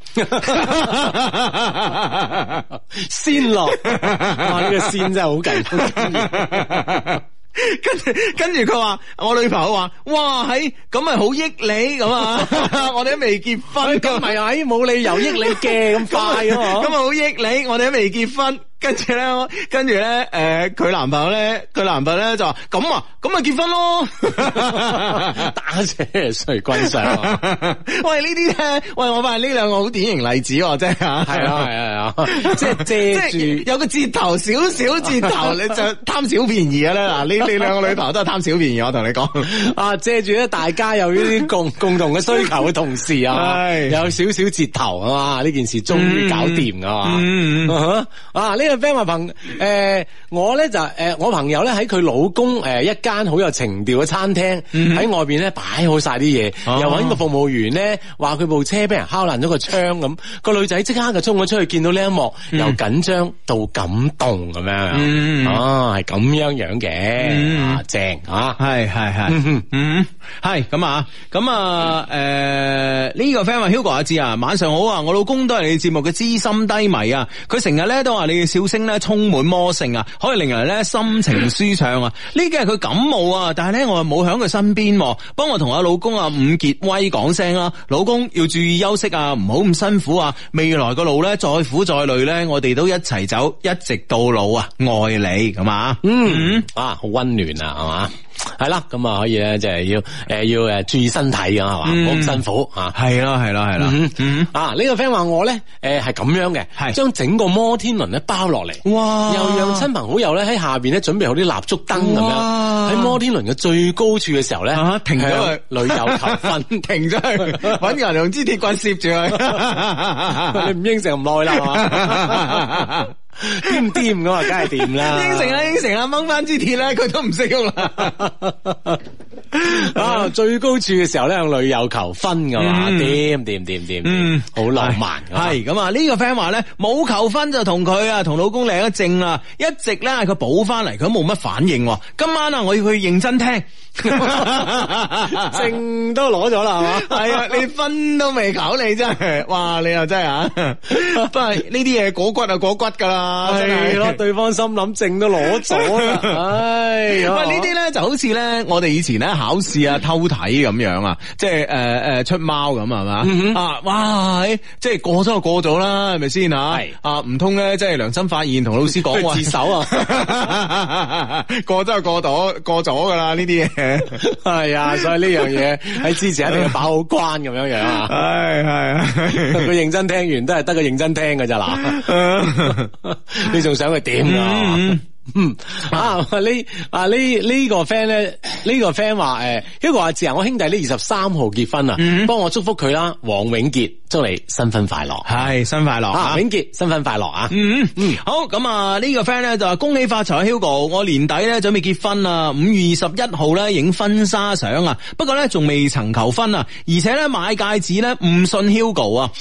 先咯，哇，呢個先真係好勁。 <laughs> <laughs> 跟住，跟住佢話我女朋友話，哇，喺咁咪好益你咁啊！我哋都未結婚，咁咪喺冇理由益你嘅咁快嘅，咁啊好益你，我哋都未結婚。跟住咧，跟住咧，誒、呃，佢男朋友咧，佢男朋友咧就話咁啊，咁咪結婚咯， <laughs> <laughs> 打死碎骨上？ <laughs> 喂，呢啲咧，喂，我發現呢兩個好典型例子，即係吓。係啊，係 <laughs> 啊，係啊，啊啊 <laughs> 即係借，即 <laughs> 有個折頭，少少折頭，你 <laughs> 就貪小便宜啊咧。嗱，呢兩兩個女朋友都係貪小便宜，我同你講。 <laughs> 啊，借住咧，大家有呢啲共共同嘅需求嘅同時啊， <laughs> 有少少折頭啊嘛，呢 <laughs> 件事終於搞掂啊嘛。嗯嗯、 <laughs> 啊，呢。friend 朋、誒，我咧就誒，我朋友咧喺佢老公誒一間好有情調嘅餐廳喺、mm hmm. 外邊咧擺好晒啲嘢，oh. 又搵個服務員咧話佢部車俾人敲爛咗個窗咁，那個女仔即刻就衝咗出去見到呢一幕，由緊張到感動咁樣，哦、mm，係、hmm. 咁、啊、樣樣嘅、mm hmm. 啊，正啊，係係係，嗯係咁啊，咁啊，誒呢、mm hmm. 呃這個 friend 話 Hugo 阿志啊，晚上好啊，我老公都係你節目嘅資深低迷啊，佢成日咧都話你嘅叫聲咧充滿魔性啊，可以令人咧心情舒暢啊！呢幾日佢感冒啊，但係咧我又冇喺佢身邊，幫我同阿老公啊伍傑威講聲啊。老公要注意休息啊，唔好咁辛苦啊！未來個路咧再苦再累咧，我哋都一齊走，一直到老啊！愛你咁、嗯嗯、啊，嗯啊，好温暖啊，係嘛？係啦，咁啊可以咧，就係要誒要誒注意身體㗎，係嘛，唔好咁辛苦啊！係啦係啦係啦，啊呢個 friend 話我咧誒係咁樣嘅，係將整個摩天輪咧包落嚟，哇！又讓親朋好友咧喺下邊咧準備好啲蠟燭燈咁樣，喺摩天輪嘅最高處嘅時候咧停咗去旅遊求婚，停咗去搵人用支鐵棍攝住佢，你唔應承唔耐啦。掂掂咁啊，梗係掂啦！ <laughs> 應承啦，應承啦，掹翻支鐵咧，佢都唔識喐啦。 <laughs> 啊，最高處嘅時候咧，向女友求婚嘅嘛，掂掂掂掂，嗯，好、嗯、浪漫。係咁唉啊，這個、呢個 friend 話咧，冇求婚就同佢啊，同老公領咗證啦，一直咧佢補翻嚟，佢冇乜反應、啊。今晚啊，我要去認真聽，證 <laughs> <laughs> 都攞咗啦，係嘛？係啊、 <laughs> 哎，你分都未搞，你真係，哇！你又真係啊，不過呢啲嘢果骨就果骨噶啦。係咯、啊，對方心諗淨都攞咗，唉、 <laughs> 哎，咁呢啲咧就好似咧，我哋以前咧考試啊偷睇咁樣啊，即係誒誒出貓咁係嘛？啊哇，即係過咗就過咗啦，係咪先吓？是啊唔通咧，即係良心發現，同老師講話自，自首啊？ <laughs> 過咗就過咗，過咗噶啦呢啲嘢，係 <laughs> 啊，所以呢 <laughs> 樣嘢喺之前一定要把好關咁樣樣啊。係係、 <laughs> 哎，佢、哎哎、認真聽完都係得個認真聽噶咋啦。 <laughs> 你仲想佢點啊？嗯，啊呢啊呢呢個 friend 咧，呢、這個 friend 話誒，Hugo 阿志啊，af，我兄弟呢，二十三號結婚啊，幫、嗯、我祝福佢啦，黃永杰祝你新婚快樂，係新快樂啊，永杰新婚快樂啊，嗯嗯，好咁啊呢個 friend 咧就話恭喜發財，Hugo，我年底咧準備結婚啊，五月二十一號咧影婚紗相啊，不過咧仲未曾求婚啊，而且咧買戒指咧唔信 Hugo 啊，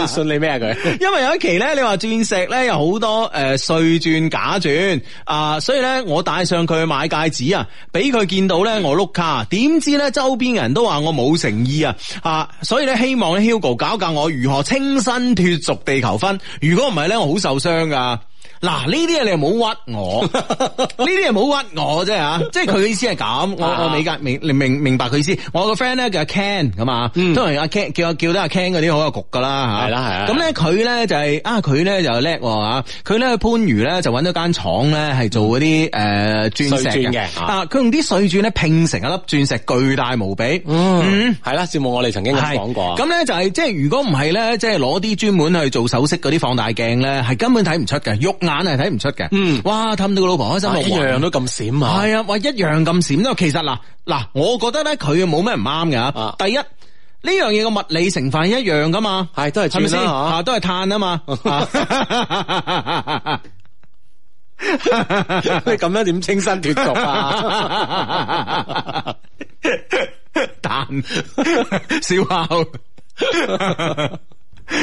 你信你咩啊佢？因為有一期咧你話鑽石咧有好多誒碎。呃對鑽，假鑽啊，所以咧我帶上佢去買戒指啊，俾佢見到咧我碌卡，點知咧周邊人都話我冇誠意啊，啊，所以咧、啊、希望咧 Hugo 教教我如何清新脫俗地求婚，如果唔係咧我好受傷噶。嗱，呢啲嘢你又冇屈我，呢啲嘢冇屈我啫嚇，即係佢嘅意思係咁，我我理解明明明白佢意思。我個 friend 咧叫阿 Ken 噶嘛，都係阿 Ken 叫叫得阿 Ken 嗰啲好有局噶啦吓，係啦係啊。咁咧佢咧就係啊佢咧就叻吓，佢咧去番禺咧就揾咗間廠咧係做嗰啲誒鑽石嘅啊，佢用啲碎鑽咧拼成一粒鑽石，巨大無比，嗯，係啦，羨慕我哋曾經講過。咁咧就係即係如果唔係咧，即係攞啲專門去做首飾嗰啲放大鏡咧，係根本睇唔出嘅，喐。眼係睇唔出嘅，嗯，哇氹到個老婆開心到，一樣都咁閃啊！係啊，話一樣咁閃啦。其實嗱嗱，我覺得咧佢冇咩唔啱嘅。第一呢樣嘢，個物理成分一樣噶嘛，係都係，係咪先吓？都係碳啊嘛。你咁樣點清新脫俗啊？碳笑話。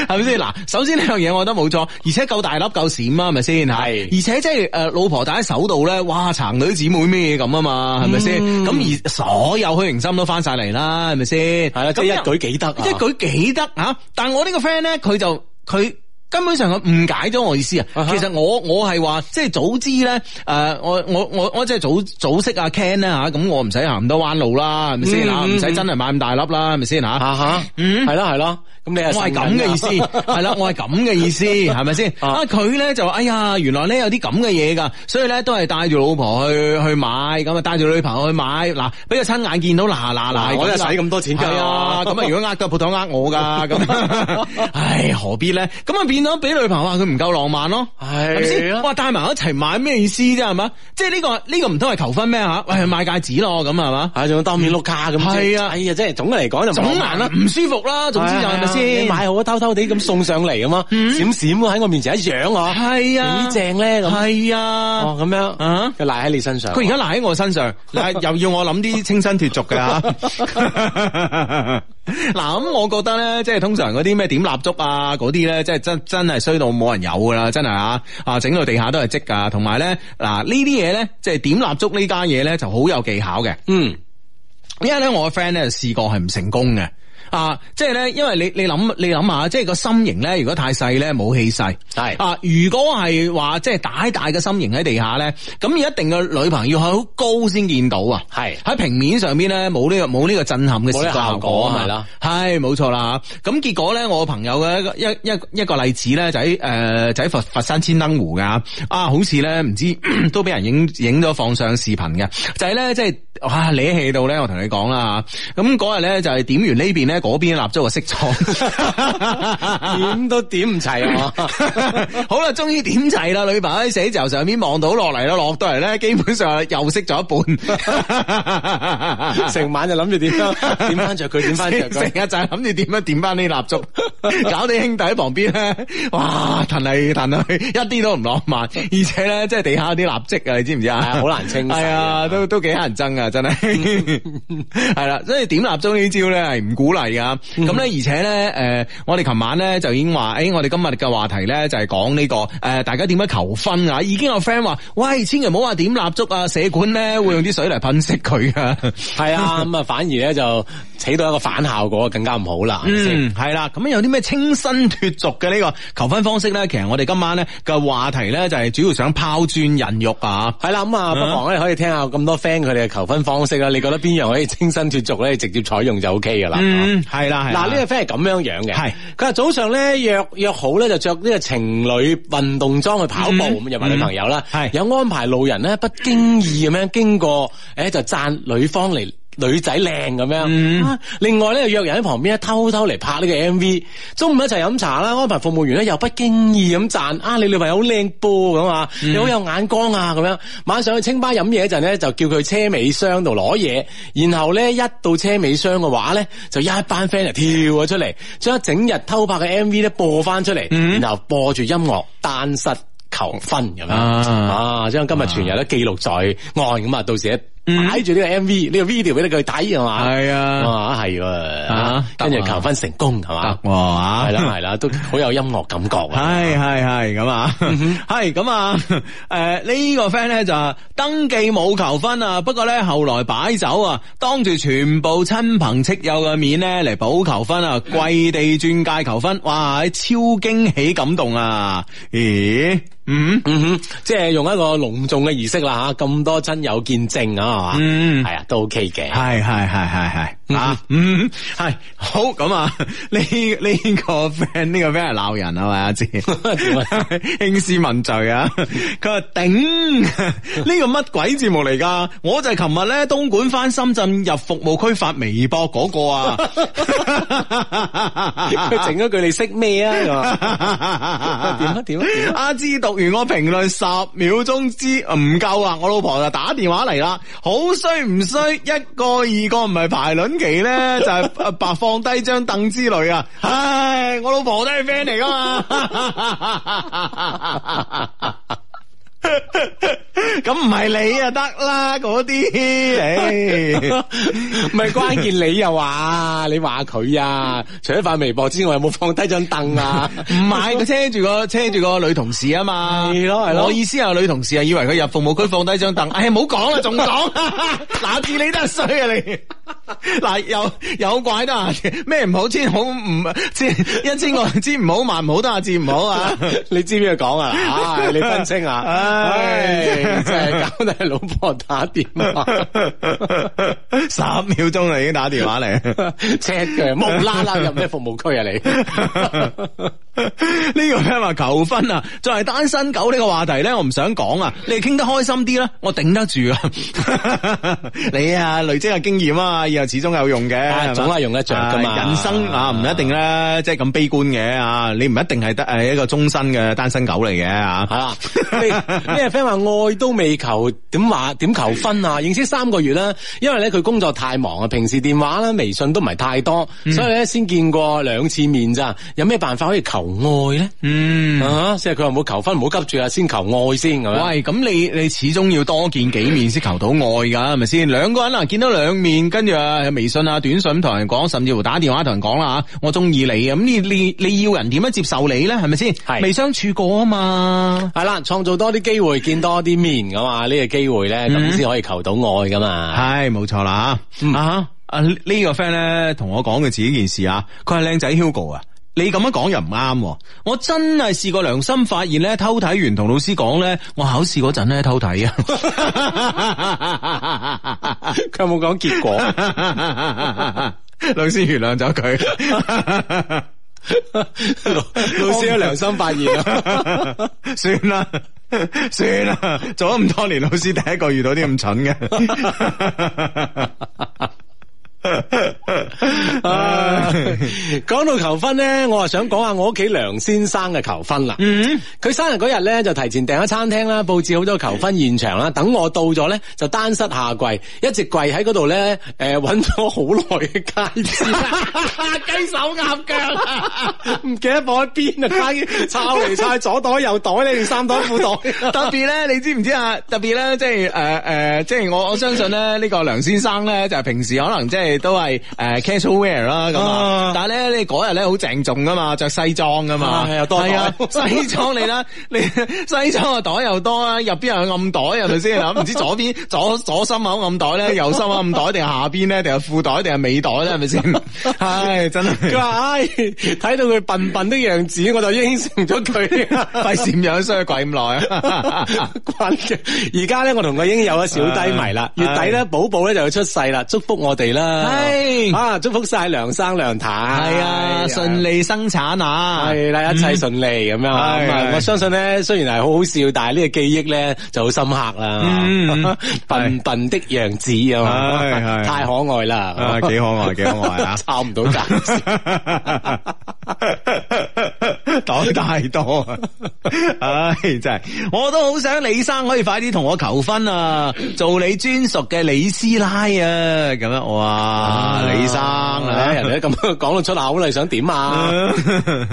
係咪先嗱？首先呢樣嘢，我覺得冇錯，而且夠大粒，夠閃啊，咪先？係而且即係誒，老婆戴喺手度咧，哇，藏女姊妹咩咁啊嘛，係咪先？咁而所有虛榮心都翻晒嚟啦，係咪先？係啦，即係，一舉幾得，一舉幾得，但係我呢個 friend 咧，佢就佢根本上佢誤解咗我意思啊。其實我我係話，即係早知咧誒，我我我我即係早早識阿 Ken 咧吓，咁我唔使行咁多彎路啦，係咪先啦？唔使真係買咁大粒啦，係咪先吓？吓吓，嗯，係咯，係咯。我係咁嘅意思，係啦，我係咁嘅意思，係咪先？啊，佢咧就話，哎呀，原來咧有啲咁嘅嘢噶，所以咧都係帶住老婆去去買，咁啊帶住女朋友去買，嗱，俾佢親眼見到，嗱嗱嗱，我又使咁多錢，係啊，咁啊如果呃個鋪頭呃我噶，咁，唉何必咧？咁啊變咗俾女朋友話佢唔夠浪漫咯，係咪先？哇，帶埋一齊買咩意思啫？係嘛，即係呢個呢個唔通係求婚咩吓？唉，去買戒指咯，咁係嘛，仲要當面碌卡咁，係啊，哎呀，即係總嘅嚟講就難啦，唔舒服啦，總之就。你買好偷偷地咁送上嚟啊嘛，閃閃喺我面前一樣我，係啊，幾正咧咁，係啊，咁、哦、樣啊，佢賴喺你身上，佢而家賴喺我身上，啊、又要我諗啲清新脫俗嘅吓、啊。嗱 <laughs> 咁， <laughs> 我覺得咧，即係通常嗰啲咩點蠟燭啊，嗰啲咧，即係真真係衰到冇人有噶啦，真係啊啊，整到地下都係積噶，同埋咧嗱呢啲嘢咧，即係點蠟燭呢間嘢咧，就好、是、有技巧嘅，嗯，因為咧我個 friend 咧試過係唔成功嘅。啊，即係咧，因為你你諗你諗下，即係個心形咧，如果太細咧，冇氣勢。係是啊，如果係話即係大大嘅心形喺地下咧，咁一定個女朋友係好高先見到啊。係喺是平面上邊咧，冇呢、這個冇呢個震撼嘅視覺效果係、啊啊、啦，係冇錯啦，咁結果咧，我朋友嘅一個一一一個例子咧，就喺誒、呃、就喺佛佛山千燈湖噶啊，好似咧唔知 <coughs> 都俾人影影咗放上視頻嘅，就係、是、咧即係啊，你喺度咧，我同你講啦吓，咁嗰日咧就係、是、點完呢邊咧。喺嗰邊蠟燭啊，熄錯點都點唔齊啊！好啦，終於點齊啦，女朋友喺死就上面望到落嚟咯，落到嚟咧，基本上又熄咗一半，成晚就諗住點點翻着佢，點翻着佢，成日就係諗住點樣點翻啲蠟燭，搞你兄弟喺旁邊咧，哇，彈嚟彈去一啲都唔浪漫，而且咧，即係地下啲蠟燭啊，你知唔知啊？好難清，係啊，都都幾乞人憎啊，真係係啦，所以點蠟燭呢招咧係唔鼓勵。係啊，咁咧而且咧，誒、呃，我哋琴晚咧就已經話，誒、欸，我哋今日嘅話題咧就係講呢個，誒、呃，大家點樣求婚啊？已經有 friend 話，喂，千祈唔好話點蠟燭啊，社管咧會用啲水嚟噴熄佢噶，係啊，咁啊 <laughs> 反而咧就起到一個反效果，更加唔好啦。嗯，係啦，咁有啲咩清新脫俗嘅呢個求婚方式咧？其實我哋今晚咧嘅話題咧就係、是、主要想拋磚引玉啊。係啦，咁啊不妨咧、啊嗯、可以聽下咁多 friend 佢哋嘅求婚方式啦、啊。你覺得邊樣可以清新脫俗咧？直接採用就 OK 噶啦。嗯係啦，嗱呢、嗯啊呢個 friend 係咁樣樣嘅，佢話的早上咧約約好咧就着呢個情侶運動裝去跑步，咁約埋女朋友啦，嗯、的有安排路人咧不經意咁樣、嗯、經過，誒、欸、就讚女方嚟。女仔靚咁樣，嗯、另外咧約人喺旁邊咧偷偷嚟拍呢個 M V，中午一齊飲茶啦，安排服務員咧又不經意咁讚啊你女朋友好靚波咁啊，嗯、你好有眼光啊咁樣，晚上去清吧飲嘢嗰陣咧就叫佢車尾箱度攞嘢，然後咧一到車尾箱嘅話咧就一班 friend 就跳咗出嚟，將整日偷拍嘅 M V 咧播翻出嚟，然後播住音樂單膝求婚咁樣，啊將、啊、今日全日咧記錄在案咁啊，到時擺住呢個 MV 呢個 video 俾佢睇係嘛？係啊，啊係，跟住求婚成功係嘛？哇，係啦係啦，都好有音樂感覺，係係係咁啊，係咁啊，誒呢個 friend 咧就登記冇求婚啊，不過咧後來擺酒啊，當住全部親朋戚友嘅面咧嚟補求婚啊，跪地鑽戒求婚，哇，超驚喜感動啊，咦？嗯嗯哼，即係用一個隆重嘅儀式啦吓，咁多親友見證啊，係嘛？嗯，係啊，都 OK 嘅，係係係係係啊，嗯，係好咁啊，呢呢、呢個 friend 呢個 friend 係鬧人啊嘛，阿志興師問罪啊，佢話頂呢個乜鬼節目嚟噶？我就係琴日咧，東莞翻深圳入服務區發微博嗰個啊，佢整咗佢哋識咩啊？點啊點啊，阿知道。完我評論十秒鐘之唔夠啊，不夠，我老婆就打電話嚟啦，好衰唔衰？ <laughs> 一個二個唔係排卵期咧，就係、是、白、啊、放低張凳之類啊！唉，我老婆都係 friend 嚟噶嘛。 <laughs> <laughs> <laughs> 咁唔係你啊得啦，嗰啲，誒、哎，唔係 <laughs> 關鍵，你又話，你話佢啊？除咗發微博之外，有冇放低張凳啊？唔係， <laughs> 佢車住個車住個女同事啊嘛，係咯係咯。我意思係，女同事啊，以為佢入服務區放低張凳，唉、 <laughs> 哎，唔好講啦，仲講，嗱， <laughs> 次你都係衰啊你。嗱有有怪都阿咩唔好先好唔先一千個知唔好萬唔好都阿字唔好啊 <laughs> 你知唔知佢講啊？你分清啊！唉，真係搞到老婆打電話，十 <laughs> 秒鐘就已經打電話嚟，赤腳，無啦啦入咩服務區啊你？你 <laughs> 呢個咩話求婚啊？作為單身狗呢個話題咧，我唔想講啊！你傾傾得開心啲啦，我頂得住啊！ <laughs> 你啊，累積嘅經驗啊！又始終有用嘅，啊、吧總係用得着噶嘛？人生啊，唔一定咧，即係咁悲觀嘅啊！你唔一定係得誒一個終身嘅單身狗嚟嘅啊，係啦。 <laughs> <laughs> 啲 friend 話愛都未求，點話點求婚啊？認識三個月啦，因為咧佢工作太忙啊，平時電話啦、微信都唔係太多，嗯、所以咧先見過兩次面咋？有咩辦法可以求愛咧？嗯、啊、即係佢話唔好求婚，唔好急住啊，先求愛先。喂，咁你你始終要多見幾面先求到愛噶，係咪先？兩個人啊，見到兩面，跟住。啊，微信啊，短信同人講，甚至乎打電話同人講啦吓，我中意你啊，咁你你你要人點樣接受你咧，係咪先？是未相處過啊嘛，係啦，創造多啲機會，見多啲面噶嘛，呢個機會咧，咁先可以求到愛噶嘛，係，冇錯啦吓，嗯 uh、huh, 啊啊、這個、呢個 friend 咧，同我講嘅自己件事啊，佢係靚仔 Hugo 啊。你咁樣講又唔啱。我真係試過良心發現咧，偷睇完同老師講咧，我考試嗰陣咧偷睇啊，佢有冇講結果？ <laughs> 老師原諒咗佢， <laughs> 老師良心發現啊， <laughs> 算啦算啦，做咗咁多年老師，第一個遇到啲咁蠢嘅。 <laughs> 講、uh, 到求婚咧，我啊想講下我屋企梁先生嘅求婚啦。佢、mm hmm. 生日嗰日咧就提前訂咗餐廳啦，布置好多求婚現場啦。等我到咗咧就單膝下跪，一直跪喺嗰度咧。誒、呃，搵咗好耐嘅戒指，雞 <laughs> 手鴨腳，唔 <laughs> 記得放喺邊啊！差啲嚟晒左袋右袋，呢件衫袋褲袋。 <laughs> 特別咧，你知唔知啊？特別咧，即係誒誒，即係我我相信咧，呢個梁先生咧就係、是、平時可能即係。都係誒 casual wear 啦咁，但係咧你嗰日咧好鄭重㗎嘛，着西裝㗎嘛，係啊，多啊！ <laughs> 西裝你啦，你西裝個袋又多啦，入邊有暗袋係咪先？唔 <laughs> 知左邊左左心口暗袋咧，右心口暗袋定下邊咧，定係褲袋定係尾袋咧，係咪先？係、 <laughs> 哎、真係佢話，睇、哎、到佢笨笨的樣子，我就應承咗佢，費事 <laughs> 樣衰鬼咁耐啊！而家咧，我同佢已經有咗小低迷啦。啊、月底咧，啊、寶寶咧就要出世啦，祝福我哋啦！哎，啊，祝福晒梁生梁太，係啊，順利生產啊，係啦，一切順利咁樣，我相信咧，雖然係好好笑，但係呢個記憶咧就好深刻啦，笨笨的樣子啊，太可愛啦，啊，幾可愛幾可愛啊，差唔到價。講太多，唉、 <laughs> 啊、真係，我都好想李生可以快啲同我求婚啊，做你專屬嘅李師奶啊，咁樣哇，啊、李生、啊，啊、人哋咁講到出口啦， <laughs> 你想點啊？呢 <laughs>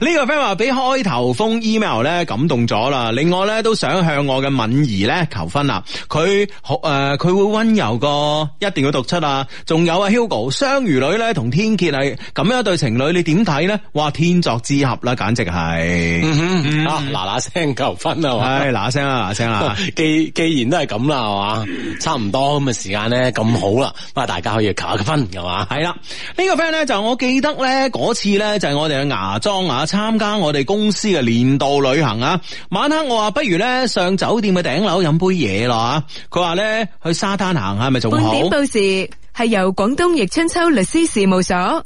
個 friend 話俾開頭封 email 咧感動咗啦，另外咧都想向我嘅敏儀咧求婚啦，佢好誒，佢、呃、會温柔個，一定要讀出啊，仲有啊 Hugo 雙魚女咧同天蠍係咁樣一對情侶，你點睇咧？哇，天作之合啦、啊！簡直係、嗯嗯、啊，嗱嗱聲求婚啊！嗱聲啊嗱聲啊既既然都係咁啦，係嘛，差唔多咁嘅時間咧，咁好啦，大家可以求下、個婚，係嘛，係啦，呢個 friend 咧就我記得咧嗰次咧就係、是、我哋去芽莊啊參加我哋公司嘅年度旅行啊，晚黑我話不如咧上酒店嘅頂樓飲杯嘢喇。吓，佢話咧去沙灘行下咪仲好？半點報時係由廣東易春秋律師事務所。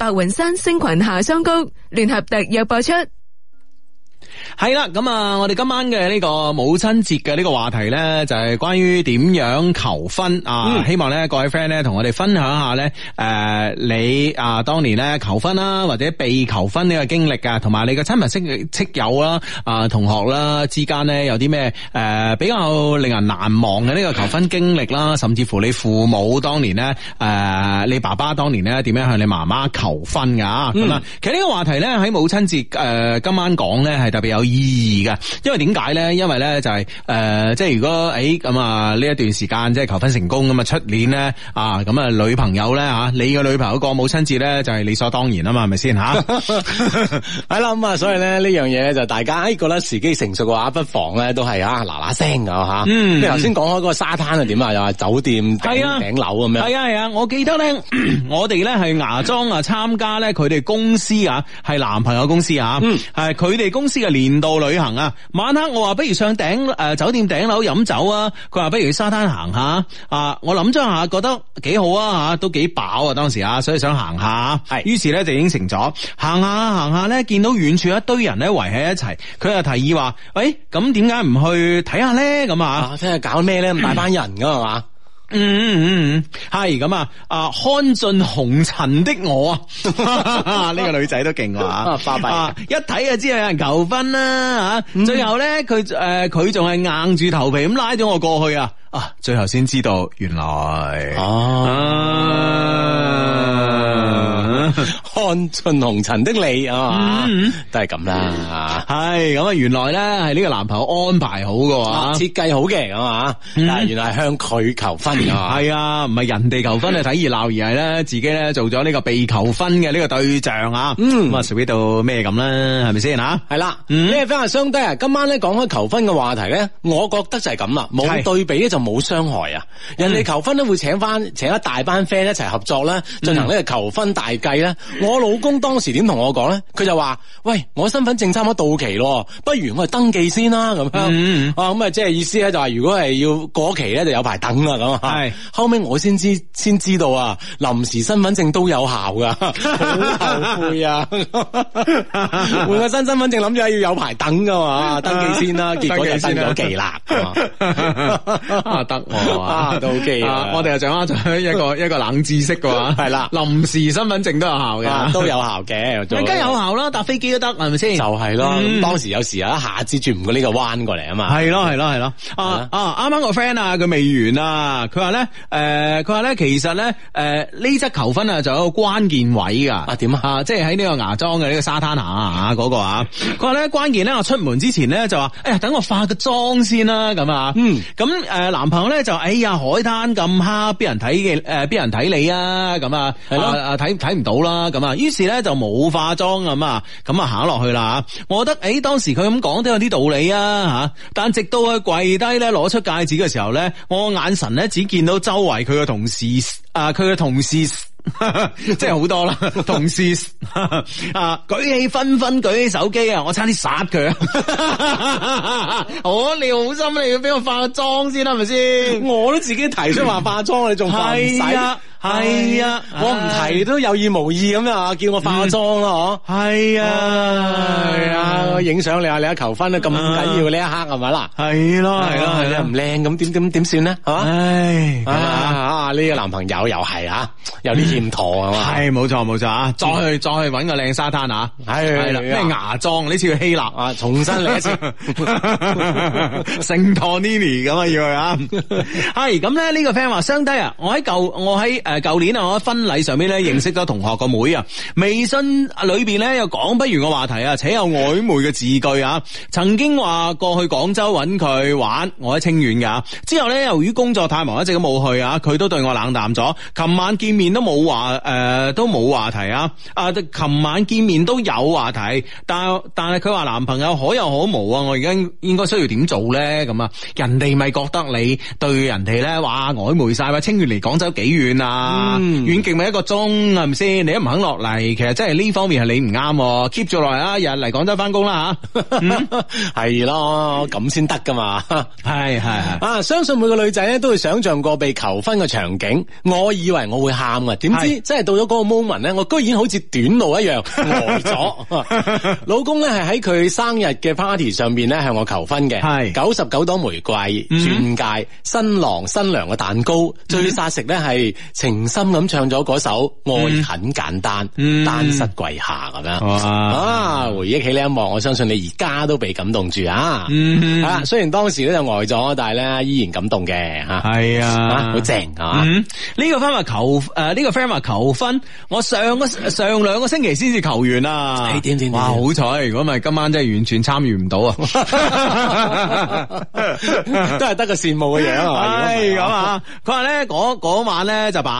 白雲山星群下雙高聯合特約播出。係啦，咁啊，我哋今晚嘅呢個母親節嘅呢個話題咧，就係、是、關於點樣求婚、嗯、啊！希望咧，各位 friend 咧，同我哋分享下咧，誒、呃，你啊當年咧求婚啦、啊，或者被求婚呢個經歷啊，啊，啊，同埋你嘅親朋戚戚友啦、啊同學啦之間呢，有啲咩誒比較令人難忘嘅呢個求婚經歷啦、啊，甚至乎你父母當年呢，誒、呃，你爸爸當年呢點樣向你媽媽求婚噶啊？咁啊，嗯、啊，其實呢個話題咧喺母親節誒今晚講咧係特別。有意義嘅，因為點解咧？因為咧就係、是、誒、呃，即係如果誒咁啊呢一段時間即係求婚成功咁啊，出年咧啊咁啊女朋友咧吓，你個女朋友過母親節咧就係理所當然啊嘛，係咪先吓？係啦吧，咁啊， <laughs> <laughs> 所以咧呢樣嘢就大家誒覺得時機成熟嘅話，不妨咧都係啊嗱嗱聲嘅吓。啊啊啊啊啊啊、嗯，你頭先講開嗰個沙灘係點啊？又話酒店頂樓咁樣。係啊係啊，我記得咧， <coughs> 我哋咧係牙莊啊參加咧，佢哋公司啊係男朋友公司啊，係佢哋公司嘅。年度旅行啊，晚黑我話不如上頂誒、呃、酒店頂樓飲酒啊，佢話不如去沙灘行下啊，我諗咗下覺得幾好啊吓、啊，都幾飽啊當時啊，所以想行下，係是，於是咧就應承咗行下行下咧，見到遠處一堆人咧圍喺一齊，佢又提議話，喂咁點解唔去睇下咧？咁啊，聽日搞咩咧？咁大班人噶係嘛？ <laughs> 嗯嗯嗯嗯，係、嗯、咁啊！啊，看盡紅塵的我啊，呢個女仔都勁啊！一睇就知道有人求婚啦、啊嗯、最後咧，佢誒，佢仲係硬住頭皮咁拉咗我過去啊！啊，最後先知道原來。啊啊看盡紅塵的你啊，都係咁啦，係咁啊，原來咧係呢個男朋友安排好嘅話，設計好嘅咁啊，嗯、原來係向佢求婚啊、嗯、是啊，係啊，唔係人哋求婚係睇熱鬧，而係咧自己咧做咗呢個被求婚嘅呢個對象啊、嗯嗯，嗯，咁啊，sweet 到咩咁啦，係咪先啊？係啦，咩 friend 啊，低啊，今晚咧講開求婚嘅話題咧，我覺得就係咁啦，冇對比咧就冇傷害啊，是人哋求婚都會請翻請一大班 friend 一齊合作啦，進行呢個求婚大計。我老公當時點同我講咧？佢就話：喂，我身份證差唔多到期咯，不如我哋登記先啦，咁樣啊，咁啊，即係意思咧就話如果係要過期咧就有排等啊咁。係後尾，我先知先知道啊，臨時身份證都有效噶好後悔啊！換個新身份證諗住要有排等噶嘛登記先啦，結果就新咗期啦。得我啊，倒機啊！我哋又掌握咗一個一個冷知識噶話係啦臨時身份證都有效嘅都有效嘅，更加有效啦，搭飛機都得，係咪先？就係咯，當時有時啊，一下子轉唔過呢個彎過嚟啊嘛。係咯，係咯，係咯、啊啊啊。啊啊，啱啱個 friend 啊，佢未完啊，佢話咧，誒，佢話咧，其實咧，誒、呃，呢則求婚啊，啊，就有個個關鍵位噶。啊，點啊？即係喺呢個芽莊嘅呢個沙灘下啊，嗰、那個啊，佢話咧關鍵咧，我出門之前咧就話，哎呀，等我化個妝先啦，咁啊，嗯，咁誒、啊，男朋友咧就，哎呀，海灘咁黑，邊人睇嘅？誒，邊人睇你啊？咁啊，係的啊睇睇唔到。啦咁啊，於是咧就冇化妝咁啊，咁啊行落去啦。我覺得誒、欸，當時佢咁講都有啲道理啊吓。但直到佢跪低咧攞出戒指嘅時候咧，我眼神咧只見到周圍佢嘅同事啊，佢嘅同事 <laughs> 即係好多啦， <laughs> 同事啊，舉起紛紛舉起手機啊，我差啲殺佢啊！我、 <laughs> 哦、你好心，你要俾我化妝先啦，係咪先？ <laughs> 我都自己提出話化妝，你仲唔使？係啊，我唔提都有意無意咁樣啊，叫我化妝咯，係係啊，係啊，影相你啊，你啊求婚啊咁緊要呢一刻係咪啦？係咯，係咯，你唔靚咁點點點算呢？係嘛，唉啊啊！呢個男朋友又係啊，有啲欠妥係嘛。係冇錯冇錯啊，再去再去搵個靚沙灘啊。係，係啦，咩牙妝呢次去希臘啊，重新嚟一次，聖托里尼咁啊要去啊。係咁咧，呢個 friend 話相低啊，我喺舊我喺。誒，舊年啊，我喺婚禮上面咧認識咗同學個妹啊，微信啊裏邊咧有講不完個話題啊，且有曖昧嘅字句啊。曾經話過去廣州搵佢玩，我喺清遠嘅之後咧由於工作太忙，一直都冇去啊，佢都對我冷淡咗。琴晚見面都冇話，誒、呃、都冇話題啊。啊、呃，琴晚見面都有話題，但但係佢話男朋友可有可無啊。我而家應該需要點做咧？咁啊，人哋咪覺得你對人哋咧話曖昧晒，清遠離廣州幾遠啊？遠距咪一個鐘係咪先？你都唔肯落嚟，其實真係呢方面係你唔啱，keep 住落嚟啊！日日嚟廣州翻工，啦吓，係咯，咁先得噶嘛？係係係啊！相信每個女仔咧都會想象過被求婚嘅場景。我以為我會喊啊，點知真係的到咗嗰個 moment 咧，我居然好似短路一樣呆咗。 <laughs> <laughs> 老公咧係喺佢生日嘅 party 上邊咧向我求婚嘅，係九十九朵玫瑰、鑽戒、嗯、新郎新娘嘅蛋糕，嗯、最殺食咧係用心咁唱咗首《愛很簡單》，嗯嗯、單膝跪下咁樣哇啊！回憶起呢一幕，我相信你而家都被感動住啊！嗯、啊，雖然當時咧就呆咗，但係咧依然感動嘅吓，係啊，好正啊呢、啊啊嗯、個 friend 翻埋求誒，呢、呃這個 friend 翻埋求婚，我上個上兩個星期先至求完啦、啊。點點哇，好彩！如果唔係今晚真係完全參與唔到啊， <laughs> 都係得個羨慕嘅嘢咯。係咁唉啊！佢話咧嗰晚咧就把。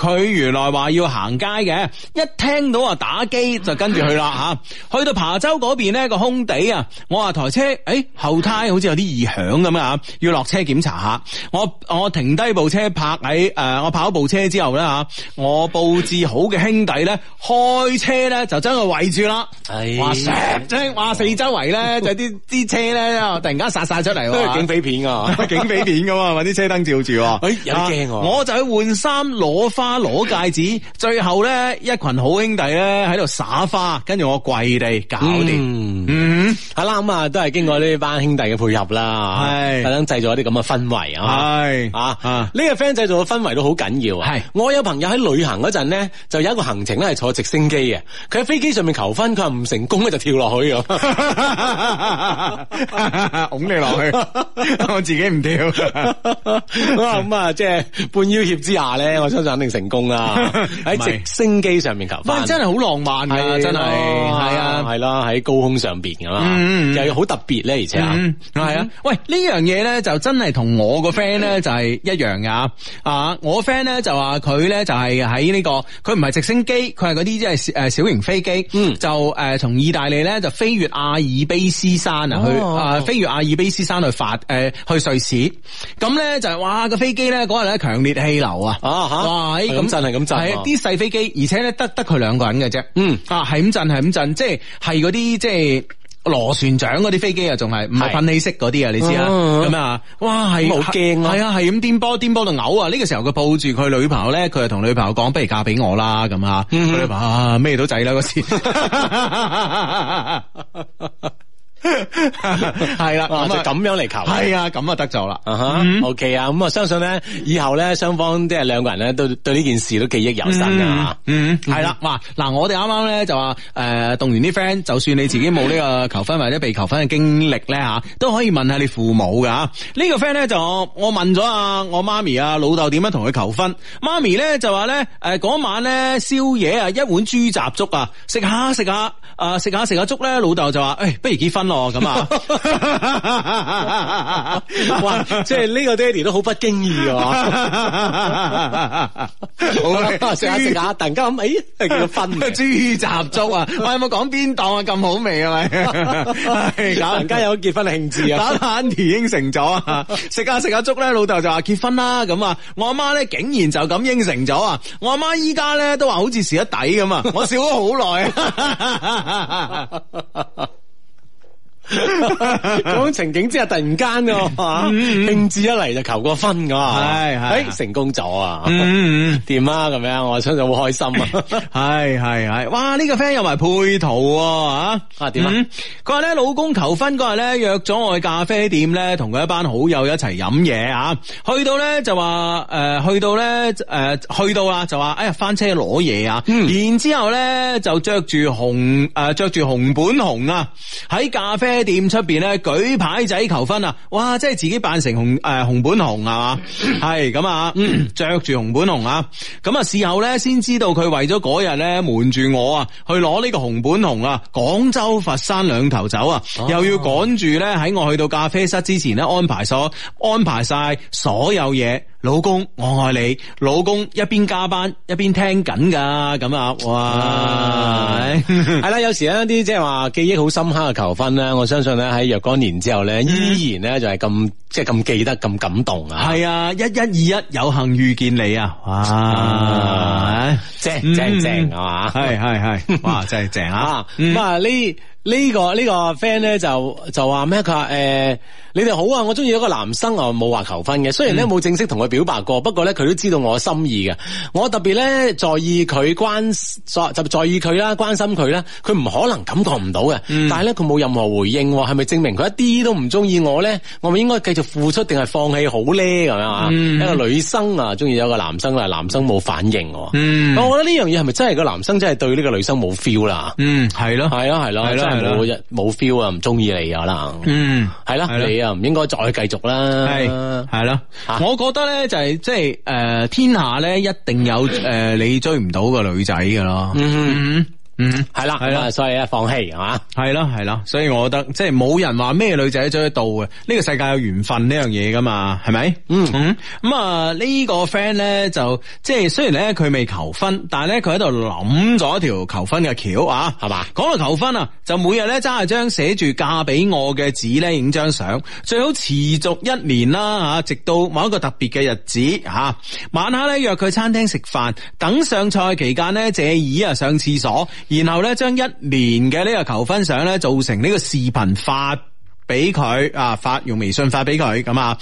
佢原來話要行街嘅，一聽到話打機就跟住去啦吓、啊。去到琶洲邊咧、嗰個空地啊，我話台車，誒、哎、後胎好似有啲異響咁啊，要落車檢查下。我我停低部車泊喺誒，我跑部車之後咧吓，我布置好嘅兄弟咧開車咧就將佢圍住啦。係、哎呀，哇即塞係哇四周圍咧就啲啲車咧，突然間殺殺出嚟， <laughs> 警匪片啊， <laughs> 警匪片咁啊，啲車燈照住，誒、哎、有啲驚、啊啊。我就去換衫攞翻。攞戒指，最後咧一群好兄弟咧喺度撒花，跟住我跪地搞掂、嗯。嗯，係啦咁啊，都係經過呢班兄弟嘅配合啦，係特登製造一啲咁嘅氛圍是啊，係啊，呢個 friend 製造嘅氛圍都好緊要啊。係是我有朋友喺旅行嗰陣呢，就有一個行程咧係坐直升機嘅，佢喺飛機上面求婚，佢話唔成功咧就跳落去， <laughs> <laughs> 去，拱你落去，我自己唔跳。咁 <laughs> 啊、嗯，即係半要挾之下咧，我相信肯定成。成功啦！喺直升機上面求婚，真係好浪漫嘅，真係係啊，係啦，喺高空上邊噶嘛，又要好特別咧，而且係啊，喂，呢樣嘢咧就真係同我個 friend 咧就係一樣噶啊！我 friend 咧就話佢咧就係喺呢個，佢唔係直升機，佢係嗰啲即係誒小型飛機，就誒從意大利咧就飛越阿爾卑斯山啊，去誒飛越阿爾卑斯山去法誒去瑞士，咁咧就係哇個飛機咧嗰日咧強烈氣流啊，哇！咁震係咁震，係啊！啲細飛機，而且咧得得佢兩個人嘅啫。嗯，啊，係咁震，係咁震，即係係嗰啲即係螺旋槳嗰啲飛機啊，仲係唔係噴氣式嗰啲啊？你知啦，咁啊，哇，係好驚啊，係啊，係咁顛波顛波到嘔啊！呢、這個時候佢抱住佢女朋友咧，佢就同女朋友講：不如嫁俾我啦！咁啊，佢、嗯、女朋友咩、啊、都制啦嗰時。 <laughs> <laughs> 係啦，就咁樣嚟求，係啊，咁啊得咗啦。嗯、mm hmm.，OK 啊，咁、嗯、啊相信咧，以後咧雙方即係兩個人咧，都對呢件事都記憶猶新啊。嗯、mm，係、hmm. 啦、mm hmm.，哇，嗱，我哋啱啱咧就話誒、呃，動員啲 friend，就算你自己冇呢個求婚或者被求婚嘅經歷咧，吓、啊、都可以問下你父母噶、啊這個、呢個 friend 咧就我，我問咗啊，我媽咪啊，老豆點樣同佢求婚？媽咪咧就話咧，誒、呃、嗰晚咧宵夜啊一碗豬雜粥啊，食下食下，誒食下食、呃、下，下粥咧，老豆就話誒、欸，不如結婚。哦，咁啊！哇，即係呢個爹哋都好不經意喎。好啊，食 <laughs> <laughs> 下豬啊！突然間咁，哎，要分豬雜粥啊！我有冇講邊檔啊？咁好味啊，咪、喂？突然間有個結婚嘅興致啊！阿 Andy 應承咗啊！食下食下粥咧，老豆就話結婚啦咁啊！我阿媽咧竟然就咁應承咗啊！我阿媽依家咧都話好似蝕一底咁啊！我笑咗好耐啊！ <laughs> 講情 <laughs> 景之下突然間啊，興致一嚟就求個婚噶，係係成功咗啊！點啊？咁樣我想就好開心啊！係係係，哇！呢、這個 friend 又埋配圖啊！啊點啊？佢話咧，嗯、老公求婚嗰日咧，約咗我去咖啡店咧，同佢一班好友一齊飲嘢啊！去到咧就話誒、呃，去到咧誒，去到啦就話哎呀返車攞嘢啊！嗯、然之後咧就着住紅誒、呃，着住紅本紅啊，喺咖啡店出邊咧舉牌仔求婚啊！哇，即係自己扮成熊誒、呃、熊本熊啊，嘛， <laughs> 係咁啊，着住熊本熊啊！咁啊事後咧先知道佢為咗嗰日咧瞞住我啊，去攞呢個熊本熊啊，廣州佛山兩頭走啊，又要趕住咧喺我去到咖啡室之前咧安排所安排晒所有嘢。老公，我愛你。老公一邊加班一邊聽緊噶，咁啊，哇！係啦， <laughs> 有時咧啲即係話記憶好深刻嘅求婚咧，我相信咧喺若干年之後咧，嗯、依然咧就係咁即係咁記得咁感動啊！係啊、嗯，一一二一，有幸遇見你啊！哇，嗯、正，正正正啊嘛，係係係，哇，真係正 <laughs> 啊！咁啊呢。呢個呢個 friend 咧就就話咩？佢話誒，你哋好啊！我中意一個男生啊，冇話求婚嘅。雖然咧冇正式同佢表白過，不過咧佢都知道我心意嘅。我特別咧在意佢關在就在意佢啦，關心佢啦。佢唔可能感覺唔到嘅。嗯、但係咧佢冇任何回應，係咪證明佢一啲都唔中意我咧？我咪應該繼續付出定係放棄好咧？咁樣啊？一個女生啊，中意咗個男生啦，男生冇反應。嗯，我我覺得呢樣嘢係咪真係個男生真係對呢個女生冇 feel 啦？嗯，係咯，係啊，係咯，係咯。冇日冇 feel 啊，唔中意你啊可能。嗯，係啦，你啊唔應該再繼續啦，係係啦，我覺得咧就係即係誒，天下咧一定有誒、呃、你追唔到嘅女仔嘅咯。嗯嗯，係啦，係啦，嗯，所以咧放棄係嘛，係咯，係咯，所以我覺得即係冇人話咩女仔追得到嘅，呢個世界有緣分呢樣嘢噶嘛，係咪？嗯，咁啊呢個 friend 咧就即係雖然咧佢未求婚，但係咧佢喺度諗咗條求婚嘅橋啊，係嘛，講到求婚啊，就每日咧揸住張寫住嫁俾我嘅紙咧影張相，最好持續一年啦吓，直到某一個特別嘅日子吓，啊，晚黑咧約佢餐廳食飯，等上菜期間咧借椅啊上廁所。然後咧，將一年嘅呢個求婚相咧，做成呢個視頻發俾佢啊，發用微信發俾佢。咁啊，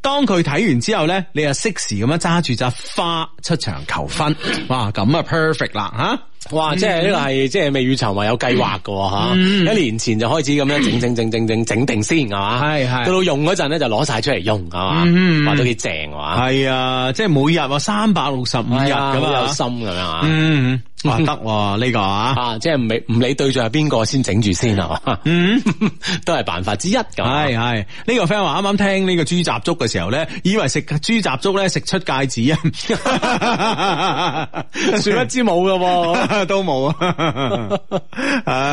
當佢睇完之後咧，你啊適時咁樣揸住扎花出場求婚，哇，咁啊 perfect 啦吓。哇！即係呢個係即係未雨綢繆有計劃㗎吓，一年前就開始咁樣整整整整整整定先係嘛，係係到到用嗰陣咧就攞晒出嚟用係嘛，話都幾正嘅，話，係啊！即係每日喎，三百六十五日咁樣有心咁樣啊，話得呢個啊，即係唔理唔理對象係邊個先整住先係嘛，嗯，都係辦法之一咁。係係呢個 friend 啱啱聽呢個豬雜粥嘅時候咧，以為食豬雜粥咧食出戒指啊，殊不知冇嘅。都冇啊！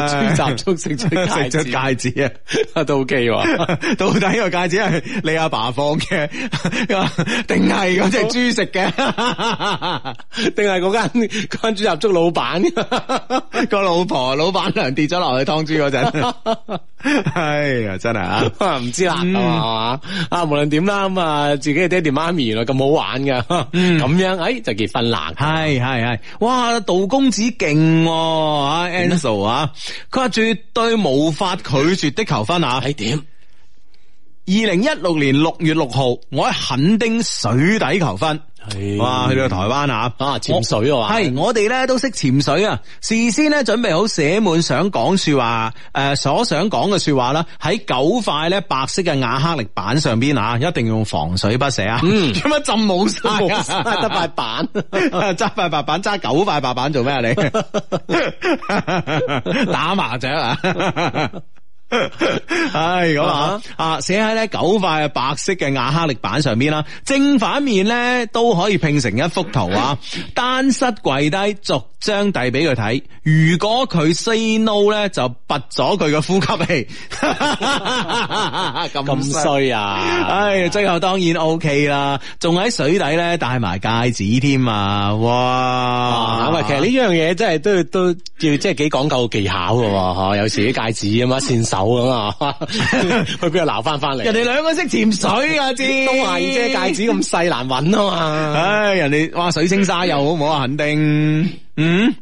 豬雜粥食出食戒，戒指啊，都 OK 喎。到底個戒指係你阿爸，爸放嘅， <laughs> <laughs> 定係嗰隻豬食嘅？定係嗰間嗰間豬雜粥老闆個 <laughs> 老婆、老闆娘跌咗落去湯豬嗰陣？係啊，真係啊，唔知啦，係嘛啊，無論點啦，咁啊，自己嘅爹哋媽咪原來咁好玩噶，咁樣誒就結婚難，係係係，哇，杜公子勁啊，Angel 啊，佢話絕對無法拒絕的求婚啊，點？二零一六年六月六號，我喺墾丁水底求婚。哇！去到台灣啊，啊！潛水啊，係我哋咧是都識潛水啊！事先咧準備好寫滿想講說話，誒、呃，所想講嘅說話啦，喺九塊咧白色嘅亞克力板上邊啊，一定要用防水筆寫啊！嗯，點解浸冇晒得塊板？揸塊白板，揸九塊白板做咩啊？你 <laughs> <laughs> 打麻雀將啊？ <laughs> <laughs> 唉，咁啊啊，寫喺咧九塊白色嘅亞克力板上邊啦，正反面咧都可以拼成一幅圖啊。單膝跪低，逐張遞俾佢睇。如果佢 say no 咧，就拔咗佢嘅呼吸器。咁衰 <laughs> 啊，啊！唉，最後當然 OK 啦，仲喺水底咧戴埋戒指添啊！哇，咁啊，其實呢樣嘢真係都都要即係幾講究技巧嘅，嗬？有時啲戒指啊嘛，線。 <laughs> 咁啊，去邊度撈翻翻嚟？人哋兩個識潛水啊！知都係啫，戒指咁細難揾啊嘛！唉，人哋哇，水清沙又好唔好啊？ <laughs> 肯定嗯。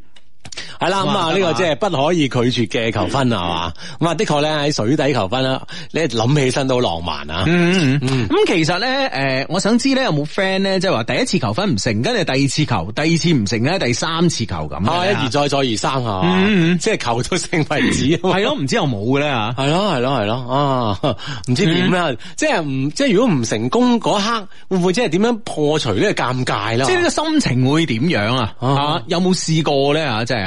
係啦，咁啊呢個即係不可以拒絕嘅求婚係嘛，咁啊的確咧喺水底求婚啦，你諗起身都浪漫啊。咁其實咧，誒，我想知咧有冇 friend 咧，即係話第一次求婚唔成，跟住第二次求，第二次唔成咧，第三次求咁一而再，再而三啊，即係求到成為止。係咯，唔知有冇咧啊？係咯，係咯，係咯，啊，唔知點咧？即係唔即係如果唔成功嗰刻，會唔會即係點樣破除呢個尷尬咧？即係呢個心情會點樣啊？啊，有冇試過咧啊？即係。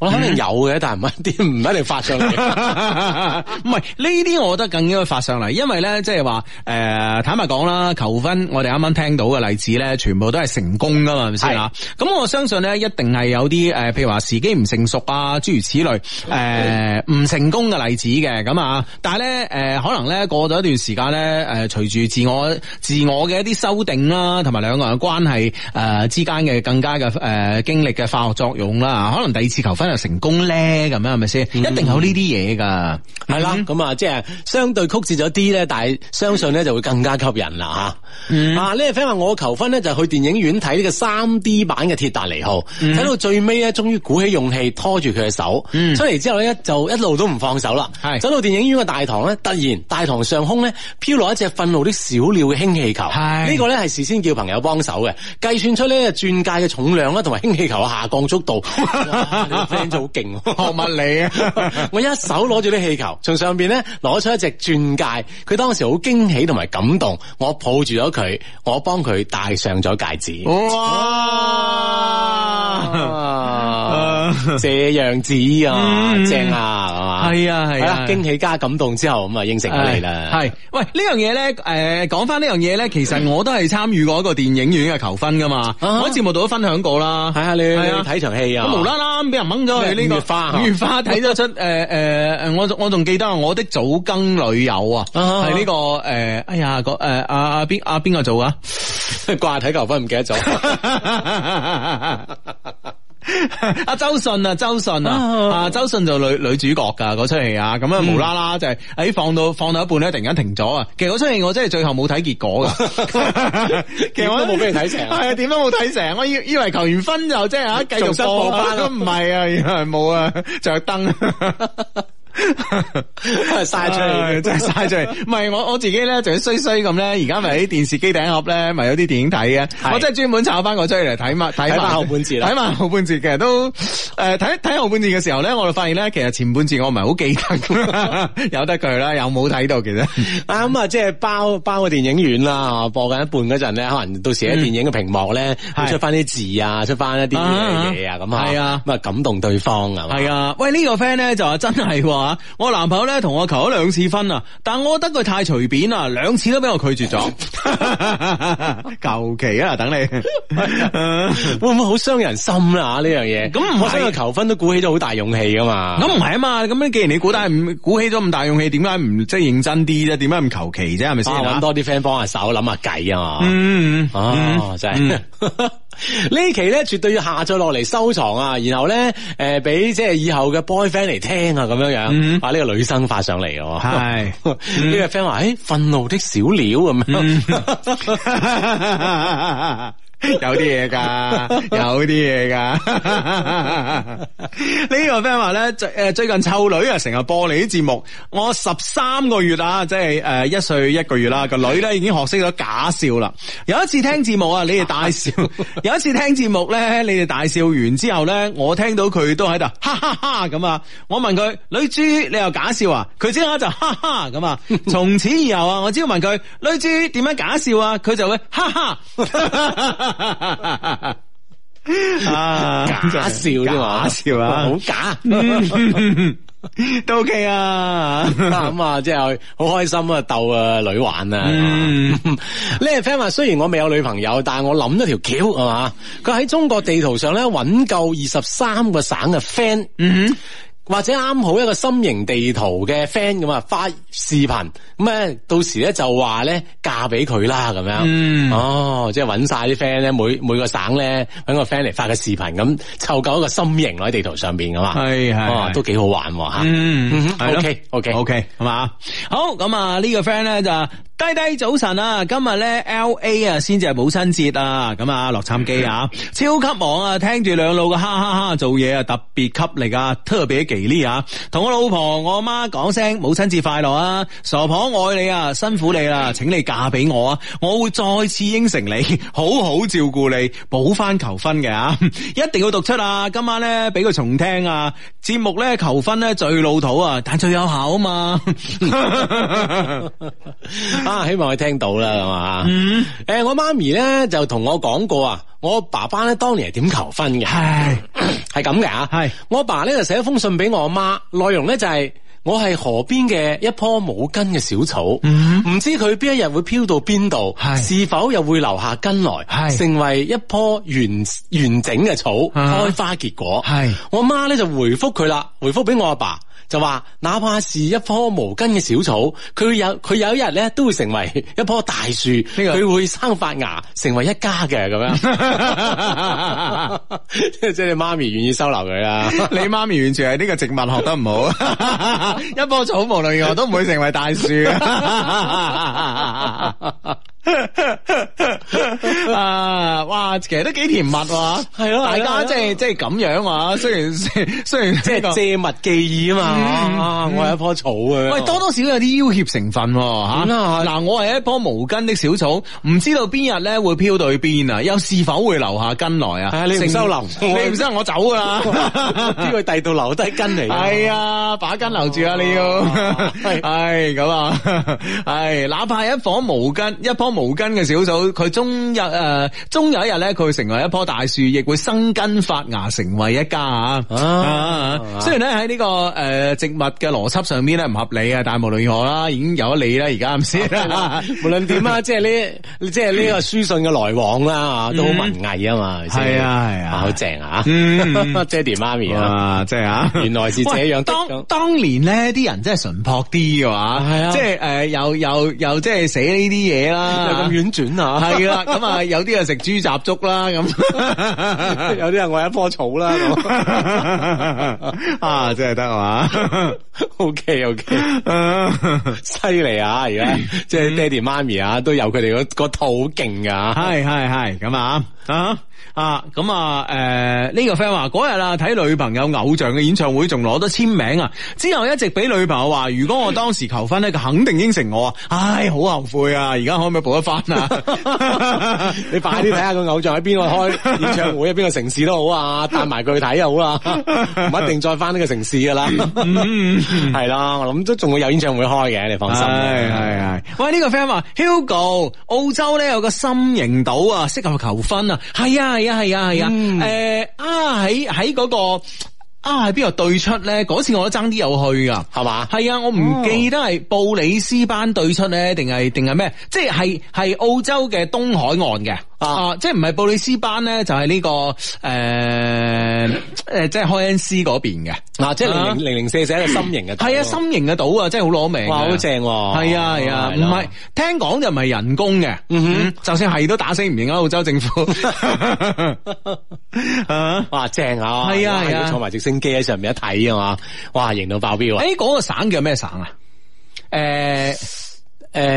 我肯定有嘅，嗯、但係唔一啲唔一定發上嚟。唔係呢啲，我覺得更應該發上嚟，因為咧，即係話誒，坦白講啦，求婚我哋啱啱聽到嘅例子咧，全部都係成功噶嘛，係咪先啊？咁是我相信咧，一定係有啲誒，譬如話時機唔成熟啊，諸如此類誒，唔、呃、Okay. 成功嘅例子嘅。咁啊，但係咧誒，可能咧過咗一段時間咧，誒、呃，隨住自我自我嘅一啲修訂啦，同埋兩個人嘅關係誒、呃、之間嘅更加嘅誒、呃、經歷嘅化學作用啦，可能第二次求婚。成功咧咁樣係咪先？是是嗯、一定有呢啲嘢噶，係啦了。咁啊、嗯，即係相對曲折咗啲咧，但係相信咧就會更加吸引啦。吓、嗯，啊呢位 friend 話我求婚咧就是、去電影院睇呢個三 D 版嘅《鐵達尼號》嗯，睇到最尾咧，終於鼓起勇氣拖住佢嘅手，嗯、出嚟之後咧就一路都唔放手啦。係是走到電影院嘅大堂咧，突然大堂上空咧飄落一隻憤怒啲小鳥嘅氫氣球。係是呢個咧係事先叫朋友幫手嘅，計算出咧鑽戒嘅重量啦，同埋氫氣球嘅下降速度。 <laughs> 好勁，學物理！啊！我一手攞住啲氣球，從上邊咧攞出一隻鑽戒，佢當時好驚喜同埋感動，我抱住咗佢，我幫佢戴上咗戒指。哇，這樣子啊，正啊，係嘛？係啊，係啊！驚喜加感動之後咁啊，應承咗你啦。係，喂，呢樣嘢咧，誒，講翻呢樣嘢咧，其實我都係參與過一個電影院嘅求婚噶嘛，我喺節目度都分享過啦。係啊，你睇場戲啊，無啦啦俾人掹。都係呢個五月花，五月花睇得出誒誒誒，我我仲記得啊，我的早更女友啊，係呢、 <laughs> 這個誒、呃，哎呀個誒阿邊阿邊個做啊？掛睇求婚唔記得咗。 <laughs> <laughs> 阿周迅啊，周迅啊，啊，周迅就女女主角噶嗰齣戲啊，咁啊無啦啦就係、是、喺、嗯、放到放到一半咧，突然間停咗啊！其實嗰齣戲我真係最後冇睇結果噶， <laughs> 其實我也、啊、都冇俾你睇成，係點都冇睇成，我依以為求完婚就即係啊，繼續放翻，都唔係啊，而家冇啊，着係燈。 <laughs> 晒 <laughs> 出嚟， <laughs> 真係晒出嚟。唔係我我自己咧，就衰衰咁咧。而家咪喺電視機頂盒咧，咪有啲電影睇嘅。我真係專門找翻個出嚟睇嘛，睇埋後半節，睇埋後半節嘅都誒，睇、呃、睇後半節嘅時候咧，我就發現咧，其實前半節我唔係好記得, <laughs> <laughs> 由得，有得佢啦，有冇睇到其實。啊咁啊，即係包包個電影院啦，播緊一半嗰陣咧，可能到時喺電影嘅屏幕咧，嗯、出翻啲字啊，出翻一啲嘢啊咁啊，咁啊,啊,是啊感動對方啊。係啊，喂、這個、呢個 friend 咧就真係、啊。我男朋友咧同我求咗兩次婚啊，但我覺得佢太隨便啦，兩次都俾我拒絕咗。求 <laughs> 其啊，等你 <laughs> <laughs> 會唔會好傷人心啊？呢樣嘢咁唔好睇佢，求婚都鼓起咗好大勇氣噶嘛？咁唔係啊嘛？咁樣既然你鼓大，鼓起咗咁大勇氣，點解唔即係認真啲啫？點解咁求其啫？係咪先？揾、啊、多啲 friend 幫下手諗下計啊嘛？嗯，哦，真係。呢期咧絕對要下載落嚟收藏啊，然後咧誒，俾即係以後嘅 boyfriend 嚟聽啊，咁樣樣，嗯、把呢個女生發上嚟嘅，呢個 friend 話誒，憤、欸、怒的小鳥咁、嗯、樣。嗯 <laughs> <laughs> 有啲嘢噶，有啲嘢噶。呢 <laughs> 個 friend 話咧，最誒最近湊女啊，成日播你啲節目。我十三個月啦，即係誒一歲一個月啦。個女咧已經學識咗假笑啦。有一次聽節目啊，你哋大笑；有一次聽節目咧，你哋大、啊、 <laughs> 大笑完之後咧，我聽到佢都喺度哈哈哈咁啊。我問佢女豬，你又假笑啊？佢即刻就哈哈咁啊。從此以後啊，我只要問佢女豬點樣假笑啊，佢就會哈哈。 <laughs> <laughs> 啊、假笑啫嘛，假笑啊、嗯嗯嗯嗯、啊，好假，都 OK 啊，咁啊，即係好開心啊，逗啊女玩啊，呢個 friend 話雖然我未有女朋友，但係我諗咗條橋係嘛，佢喺中國地圖上咧揾夠二十三個省嘅 friend、嗯。或者啱好一個心形地圖嘅 friend 咁啊，發視頻咁啊，到時咧就話咧嫁俾佢啦咁樣。嗯、哦，即係揾晒啲 friend 咧，每每個省咧揾個 friend 嚟發個視頻，咁湊夠一個心形喺地圖上邊噶嘛。係係、哦，都幾好玩吓。嗯，係咯。O K O K O K，係嘛。好，咁啊呢個 friend 咧就，低低早晨啊，今日咧 L A 啊先至係母親節啊，咁啊洛杉磯啊，超級忙啊，聽住兩路嘅哈，哈哈哈做嘢啊，特別吸力啊特別勁。啊，同我老婆、我阿媽講聲母親節快樂啊！傻婆愛你啊，辛苦你啦，請你嫁俾我啊！我會再次應承你，好好照顧你，補翻求婚嘅啊！一定要讀出啊！今晚咧俾佢重聽啊！節目咧求婚咧最老土啊，但最有效啊嘛！ <laughs> <laughs> 啊，希望你聽到啦，係嘛、嗯？誒、欸，我媽咪咧就同我講過啊。我爸爸咧當年係點求婚嘅？係係咁嘅啊！係是我阿爸咧就寫咗封信俾我阿媽，內容咧就係、是、我係河邊嘅一棵冇根嘅小草，唔、嗯、哼知佢邊一日會飄到邊度，是，是否又會留下根來，是成為一棵完完整嘅草，是花開花結果。係是我阿媽咧就回覆佢啦，回覆俾我阿爸，爸。就話，哪怕是一棵無根嘅小草，佢有佢有一日咧，都會成為一棵大樹，佢、這個、會生發芽，成為一家嘅咁樣。即係 <laughs> <laughs> 你媽咪願意收留佢啦， <laughs> 你媽咪完全係呢個植物學得唔好， <laughs> 一棵草無論如何都唔會成為大樹。 <laughs> 啊！哇，其實都幾甜蜜啊，係咯，大家即係即係咁樣啊。雖然雖然即係借物寄意啊嘛，我係一棵草啊。喂，多多少有啲要挾成分吓。嗱，我係一棵無根的小草，唔知道邊日咧會飄到去邊啊？又是否會留下根來啊？你成收留，你唔收我走啊？呢個第度留低根嚟，係啊，把根留住啊！你要，係咁啊，係，哪怕一棵無根，一棵。無。毛根嘅小草，佢終日誒，終有一日咧，佢會成為一棵大樹，亦會生根發芽，成為一家啊！雖然咧喺呢個誒植物嘅邏輯上面咧唔合理啊，但無論如何啦，已經有咗你啦，而家係咪先？無論點啊，即係呢，即係呢個書信嘅來往啦，都好文藝啊嘛，係啊係啊，好正啊！嗯，爹哋媽咪啊嘛，即係啊，原來是這樣。當當年咧，啲人真係淳樸啲嘅話，即係誒，又又又即係寫呢啲嘢啦。咁婉轉啊，係啦，咁啊有啲啊食豬雜粥啦，咁有啲啊我係一樖草啦，咁啊真係得係嘛，OK OK，犀利啊，而家即係爹哋媽咪啊，都有佢哋嗰個肚勁噶，係係係咁啊。啊啊咁啊！誒、啊，呢、呃這個 friend 話嗰日啊睇女朋友偶像嘅演唱會，仲攞得簽名啊！之後一直俾女朋友話，如果我當時求婚咧，佢肯定應承我啊！唉、哎，好後悔啊！而家可唔可以補一翻啊？ <laughs> 你快啲睇下個偶像喺邊度開演唱會，啊，邊個城市都好啊，帶埋佢睇又好啦，唔一定再翻呢個城市噶啦。係啦， <laughs> 我諗都仲會有演唱會開嘅，你放心。係係、哎，哎哎、喂，呢、這個 friend 話，Hugo 澳洲咧有個心型島啊，適合去求婚。係啊係啊係啊係啊，誒啊喺喺嗰個。啊，喺邊度對出咧？嗰次我都爭啲有去噶，係嘛？係啊，我唔記得係布里斯班對出咧，定係定係咩？即係係係澳洲嘅東海岸嘅啊，即係唔係布里斯班咧，就係呢個誒誒，即係開恩斯嗰邊嘅啊，即係零零零四四一個心形嘅，係啊，心形嘅島啊，即係好攞命，哇，好正，係啊係啊，唔係聽講就唔係人工嘅，嗯哼，就算係都打死唔認啊澳洲政府，啊，哇，正啊，係啊係啊，坐埋直喺上面一睇啊嘛，哇，型到爆表啊！哎、欸，嗰、那個省叫咩省啊？誒、欸、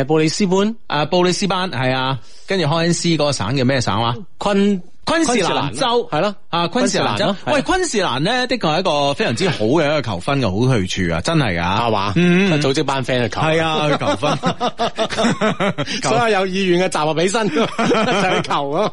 誒，布里斯本啊，布里斯班係啊，跟住康恩斯嗰個省叫咩省啊？昆、嗯昆士蘭州係咯，啊昆士蘭州，喂昆士蘭咧的確係一個非常之好嘅一個求婚嘅好去處啊，真係噶，係嘛，組織班 friend 去求，係啊去求婚，所有有意願嘅集合起身，去求咯，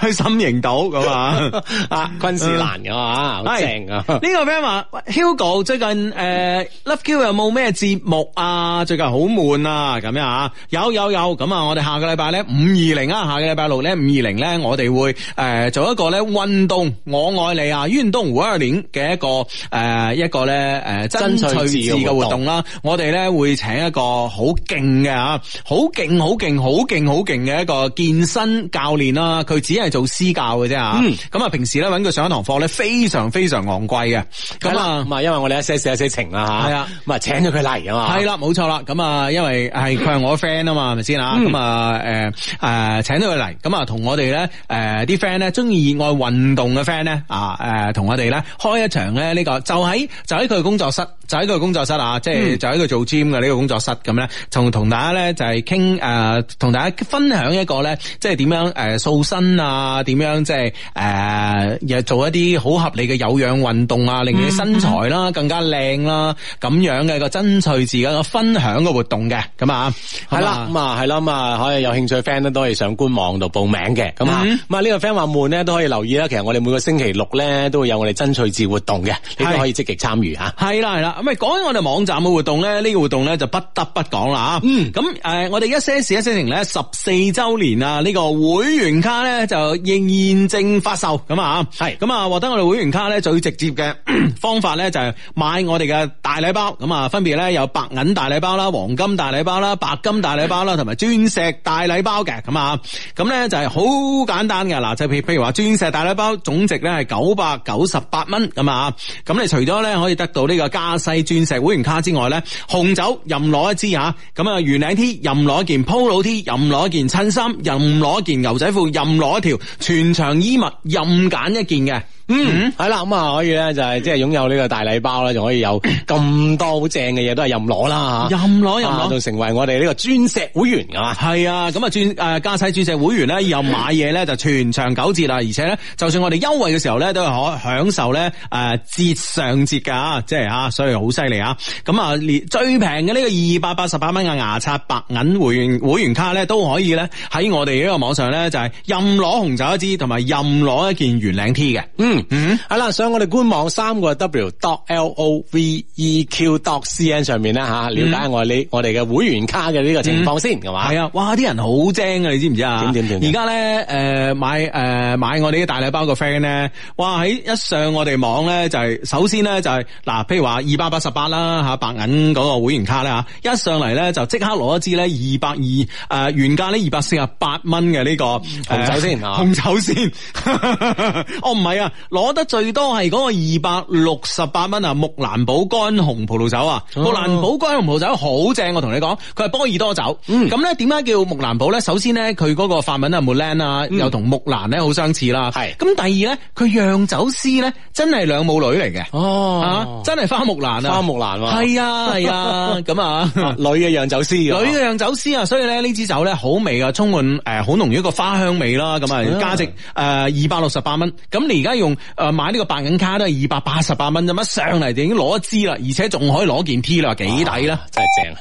去心形島咁啊，啊昆士蘭嘅嘛，好正啊！呢個 friend 話，Hugo 最近誒 LoveQ 有冇咩節目啊？最近好悶啊，咁樣啊，有有有，咁啊，我哋下個禮拜咧五二零啊，下個禮拜六咧五二零咧，我哋會。誒，做一個咧運動，我愛你啊！鴛鴦湖一年嘅一個誒、呃，一個咧誒，真趣事嘅活動啦。我哋咧會請一個好勁嘅啊，好勁、好勁、好勁、好勁嘅一個健身教練啦。佢只係做私教嘅啫啊咁啊，嗯、平時咧揾佢上一堂課咧，非常非常昂貴嘅。咁啊了，咁啊那，因為我哋一些事、一些情啊吓。係啊了。咁啊，請咗佢嚟啊嘛。係啦，冇錯啦。咁啊，因為係佢係我 friend 啊嘛，係咪先啊咁啊，誒、呃、誒，請咗佢嚟。咁啊，同我哋咧誒。啲 friend 咧，中意熱愛運動嘅 friend 咧，啊，誒，同我哋咧開一場咧、這個，呢個就喺就喺佢工作室。就喺個工作室啊，即係就喺度做 gym 嘅呢個工作室咁咧，同同大家咧就係傾誒，同大家分享一個咧，即係點樣誒塑身啊，點樣即係誒又做一啲好合理嘅有氧運動啊，令你身材啦更加靚啦，咁樣嘅一個增趣字嘅分享嘅活動嘅，咁啊係啦，咁啊係啦，咁啊可以有興趣 friend 咧都可以上官網度報名嘅，咁啊，咁啊呢個 friend 話悶咧都可以留意啦。其實我哋每個星期六咧都會有我哋增趣字活動嘅，你都可以積極參與吓。係啦，係啦。咁咪講起我哋網站嘅活動咧，呢個活動咧就不得不講啦咁誒，我哋一些事一些情咧十四周年啊，呢個會員卡咧就現正發售咁啊！係咁啊，獲得我哋會員卡咧最直接嘅方法咧就係買我哋嘅大禮包咁啊，分別咧有白銀大禮包啦、黃金大禮包啦、白金大禮包啦，同埋鑽石大禮包嘅咁啊！咁咧就係好簡單嘅嗱，就譬譬如話鑽石大禮包總值咧係九百九十八蚊咁啊！咁你除咗咧可以得到呢個加細鑽石會員卡之外咧，紅酒任攞一支吓，咁啊，圓領 T 任攞一件，POLO T 任攞一件，襯衫任攞一件，牛仔褲任攞一條，全場衣物任揀一件嘅。嗯，係啦，咁啊可以咧就係即係擁有呢個大禮包啦，就可以有咁多好正嘅嘢都係任攞啦，任攞拿、啊、任攞就成為我哋呢個鑽石會員噶，係啊，咁啊鑽誒加晒鑽石會員咧，又買嘢咧、嗯、就全場九折啦，而且咧就算我哋優惠嘅時候咧都係可以享受咧誒折上折噶，即係啊，所以好犀利啊，咁啊連最平嘅呢個二百八十八蚊嘅牙刷白銀會員會員卡咧都可以咧喺我哋呢個網上咧就係、是、任攞紅酒一支同埋任攞一件圓領 T 嘅，嗯。嗯，係啦、mm hmm.，上我哋官網三個 w dot l o v e q dot c n 上面啦吓，了解下我哋、mm hmm. 我哋嘅會員卡嘅呢個情況先，係嘛、mm？係、hmm. 啊吧，哇，啲人好精啊，你知唔知啊？點點點，而家咧，誒、呃，買誒、呃、買我哋啲大禮包嘅 friend 咧，哇，喺一上我哋網咧，就係、是、首先咧就係、是、嗱，譬如話二百八十八啦吓，白銀嗰個會員卡咧吓，一上嚟咧就即刻攞一支咧二百二誒原價呢二百四十八蚊嘅呢個紅酒先，紅酒、啊、手先， <laughs> 哦唔係啊。攞得最多係嗰個二百六十八蚊啊！木蘭堡乾紅葡萄酒啊，木、哦、蘭堡乾紅葡萄酒好正，我同你講，佢係波爾多酒。嗯，咁咧點解叫木蘭堡咧？首先咧，佢嗰個法文啊、嗯，木蘭啊，又同木蘭咧好相似啦。係咁、嗯，第二咧，佢釀酒師咧真係兩母女嚟嘅。哦，啊、真係花木蘭啊！花木蘭啊，係啊係啊，咁啊， <laughs> 啊女嘅釀、啊、釀酒師，女嘅釀酒師啊，所以咧呢支酒咧好味啊，充滿誒好、呃、濃郁一個花香味啦。咁啊，價值誒二百六十八蚊。咁、呃、你而家用？誒，買呢個白銀卡都係二百八十八蚊，咋一上嚟就已經攞一支啦，而且仲可以攞件 T 啦，幾抵啦，真係正啊！